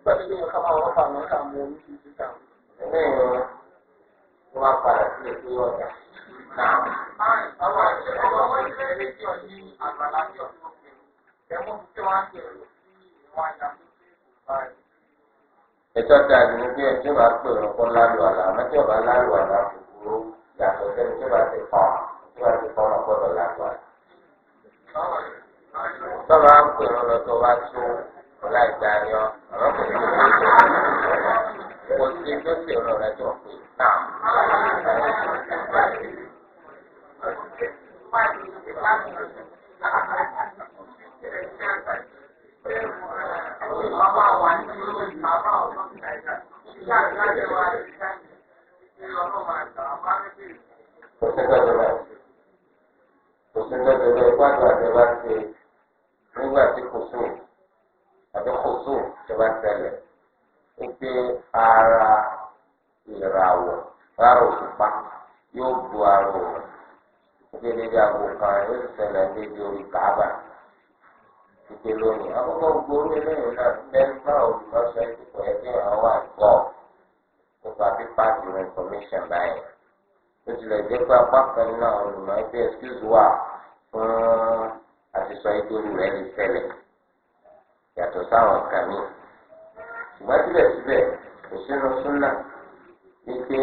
pẹ̀lú bí wọn kábàá wọn fàwọn náà mú orí tuntun kà. ẹgbẹ́ ìrìn wọn wá padà sílẹ̀ sí ọjà. àwọn àṣẹ ọmọ wọn ṣe é lé ní àgbàlá ní ọ̀sán ọ̀sẹ̀ ẹ̀wọ̀n tí wọ́n á ṣe ẹ̀rọ sí ìwọ̀n àjàkú ẹ̀tọ́ ta àti ní pé ẹni tí ó bá pè ọkọ lálù àlà àmọ́ tí ọba lálù àlà kúkúrú yàtọ̀ sẹ́ni tí ó bá ti pọn tí ó bá ti pọn ọgbọ́dọ̀ lálù àlà. tọ́ba ń pè ọ lọ tó tó ọlá ìgbà yọ ọ̀rọ̀ kò tó tó kò sí tó sì ọ̀rọ̀ rẹ tó pè náà. Thank you. òsèǹdọ̀dọ̀dọ̀ ìgbàdùn àtẹ̀bá ṣe nígbà tí kò sùn àti kò sùn ìjọba tẹ̀lẹ̀ wípé ara ìràwọ̀ rárá òṣùpá yóò bu ara òun wípé dédé àgbo kan yóò ṣẹlẹ̀ dédé orí kàábà wípé lónìí akọ́kọ́ gbogbo orí eléyìí náà bẹ́ẹ̀ bá òṣùpá sọ ẹ́ kíkọ̀ ẹ́ kí àwọn àgbọ̀ nípa pípàdé information báyìí ó tilẹ̀ jẹ́ pé apá kan náà olùmọ̀ ẹgbẹ́ excuse wà fún àtisọ ìdórí rẹ̀ lè tẹ̀lẹ̀ yàtọ̀ sáwọn kan mi ṣùgbọ́n síbẹ̀síbẹ̀ kò sínú súnà wípé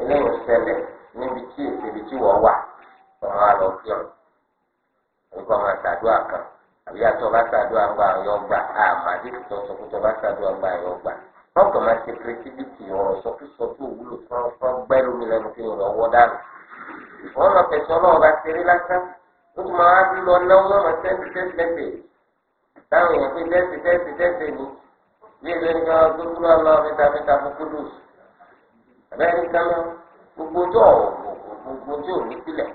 eléyìí ṣẹlẹ̀ níbi tí ìpèbí tí wọ́n wà ọ̀rọ̀ àlọ́ kí ọ̀rọ̀ ẹ̀kọ́ máa ṣàdúrà kan àbí àtọ́ bá ṣàdúrà gbà yọ gbà àmàdé tó sọ pé tó bá ṣàdúrà gbà yọ gbà wọn kàn máa ṣe kìrìtìbìtì ọ̀rọ̀ sọkúsọ tó wúlò fún fún gbẹ́rù mi lẹ́nu fi hàn ọwọ́ dànù. wọn lọ fẹ̀sọ̀ ọlọ́run bá ṣeré lásán ó tún máa ń lọ náwó lọ́mọ tẹ́sí tẹ́sí tẹ́sí táwọn èèyàn pé tẹ́sí tẹ́sí tẹ́sí ni bí èlò ẹni kan tó kúrò lọ mẹ́ta mẹ́ta fún kúdù abẹ́rẹ́ kan gbogbo tó gbogbo tó ní sílẹ̀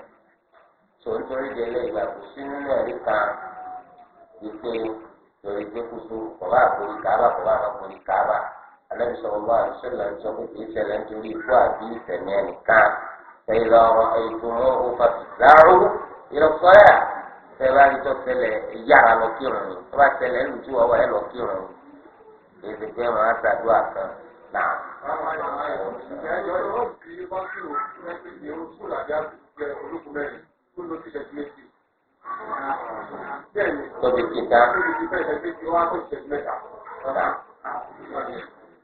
tó ń torí di ẹlẹ́yìnbá kò sí nínú ẹ̀rí kan wípé torí pé kùsù النبي صلى الله عليه وسلم يقول في سلام تريد وابي سميان كان فإذا رأيتموه فافزعوا إلى الصلاة فبعد تسلى يرى لكيرني فبعد سلى الوجوه وإلى لكيرني إذا كان ما سدوا كان نعم Tóbi kíkà. Tóbi kíkà ìṣẹ́jú wa tó ìṣẹ́jú mẹ́ta.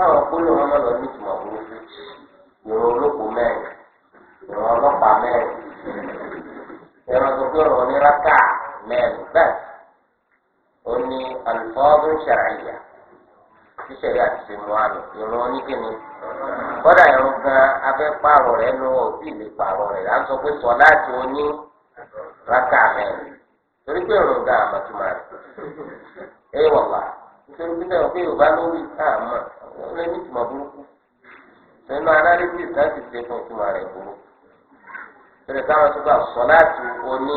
káwọn kóló wọn lọ ní ìtumọ̀ burúkú ìrọ̀ olóko mẹ́rin ìrọ̀ ọlọ́pàá mẹ́rin ìrọ̀ tó gbé ọ̀rọ̀ onírákà mẹ́rin bẹ́ẹ̀ ó ní alifọ́dún ṣàràyà tíṣẹ̀rí àti ṣèlú àlọ́ ìrún oníkíni kọ́dà ìrún gan abẹ́ pààrọ̀ rẹ̀ nu òbí lè pààrọ̀ rẹ̀ à ń sọ pé sọ láti oní rákà mẹ́rin torí pé ìrún gan nítorí pé sẹ́wọ̀n pé yorùbá ló wí káàmà ọ̀rẹ́ ní ìtumọ̀ burúkú nínú analysis láti ṣe fún ìtumọ̀ rẹ̀ burú tẹ̀lé táwọn tó bá sọ láti oní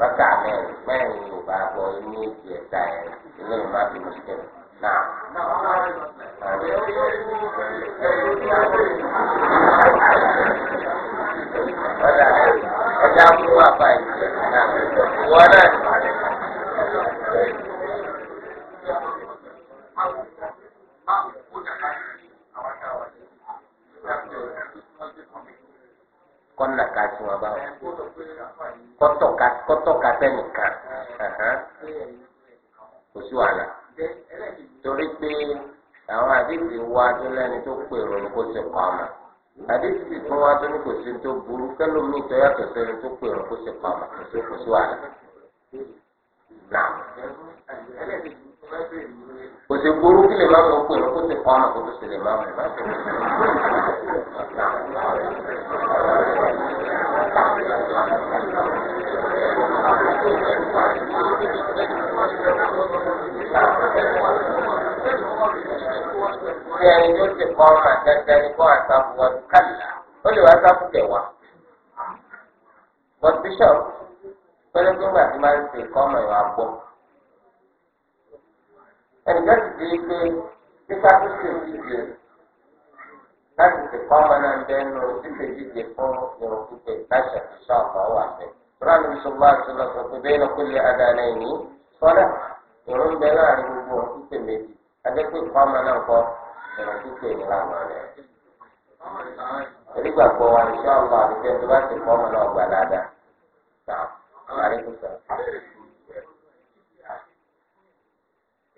rákà mẹ́rin mẹ́rin yorùbá bọ̀ ní èjì ẹ̀ta ẹ̀ ilé ìmọ̀ àti mùsùlùmí náà. ọ̀dà ẹja mú àbá ìjẹ náà wọ́n náà. kọ́tọ̀ka kọ́tọ̀ka sẹ́nìkan kò sí wàhálà torí pé àwọn àdéhùn wa tó lẹ́ni tó pè ronú kó ti pa ọmọ àdéhùn sì fún wa tó ní kò sí tó burú kẹlòmíì tó yàtọ̀ sẹ́ni tó pè ronú kó ti pa ọmọ kò sí wàhálà kò sì burú kí lè má sọ pé kó sì kọ́ ọ̀nà kó tó sì lè má rẹ̀ má sọ pé. Ṣé ẹni tó ti kọ́ ọ̀nà dandan ni kó àtàkùn wọn kàlà? Ó lè wá sáfù tẹ̀wá. Bọ̀dé bíṣọ̀pù pẹ́lẹ́gbẹ́gbà tí máa ń ṣe kọ́ ọ̀nà ìwà gbọ́. ẹnìkan sì di pé pípa tó ṣe díje láti ṣèkọ́ ọmọ náà ń bẹ́ẹ̀ nù ṣíṣe díje fún irun pípé láṣà ìṣọ́ ọ̀pọ̀ wà fẹ́. Rọ́ọ̀nù ìṣòwò àti lọ́sọ̀ pé bẹ́ẹ̀ lọ́kọ́ lé àdáná ẹ̀yìn sọ́dà irun bẹ́ẹ̀ láàrin gbogbo irun pípé méjì adẹ́pẹ́ kọ́ náà kọ́ irun pípé ìlànà rẹ̀.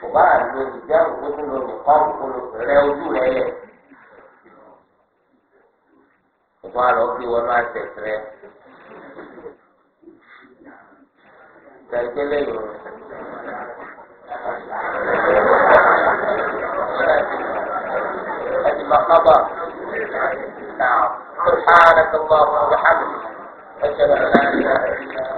kò bá àlọ ìjáwó tó tún lọ nìkan kó lọ rẹ ojú rẹ lẹ ìfọ àlọ bí wọn máa tẹsí rẹ gbẹgbẹlẹ yòó ẹni máa kábà náà sọ fún àwọn ọmọ hàn ẹsẹ rẹ láti rẹ.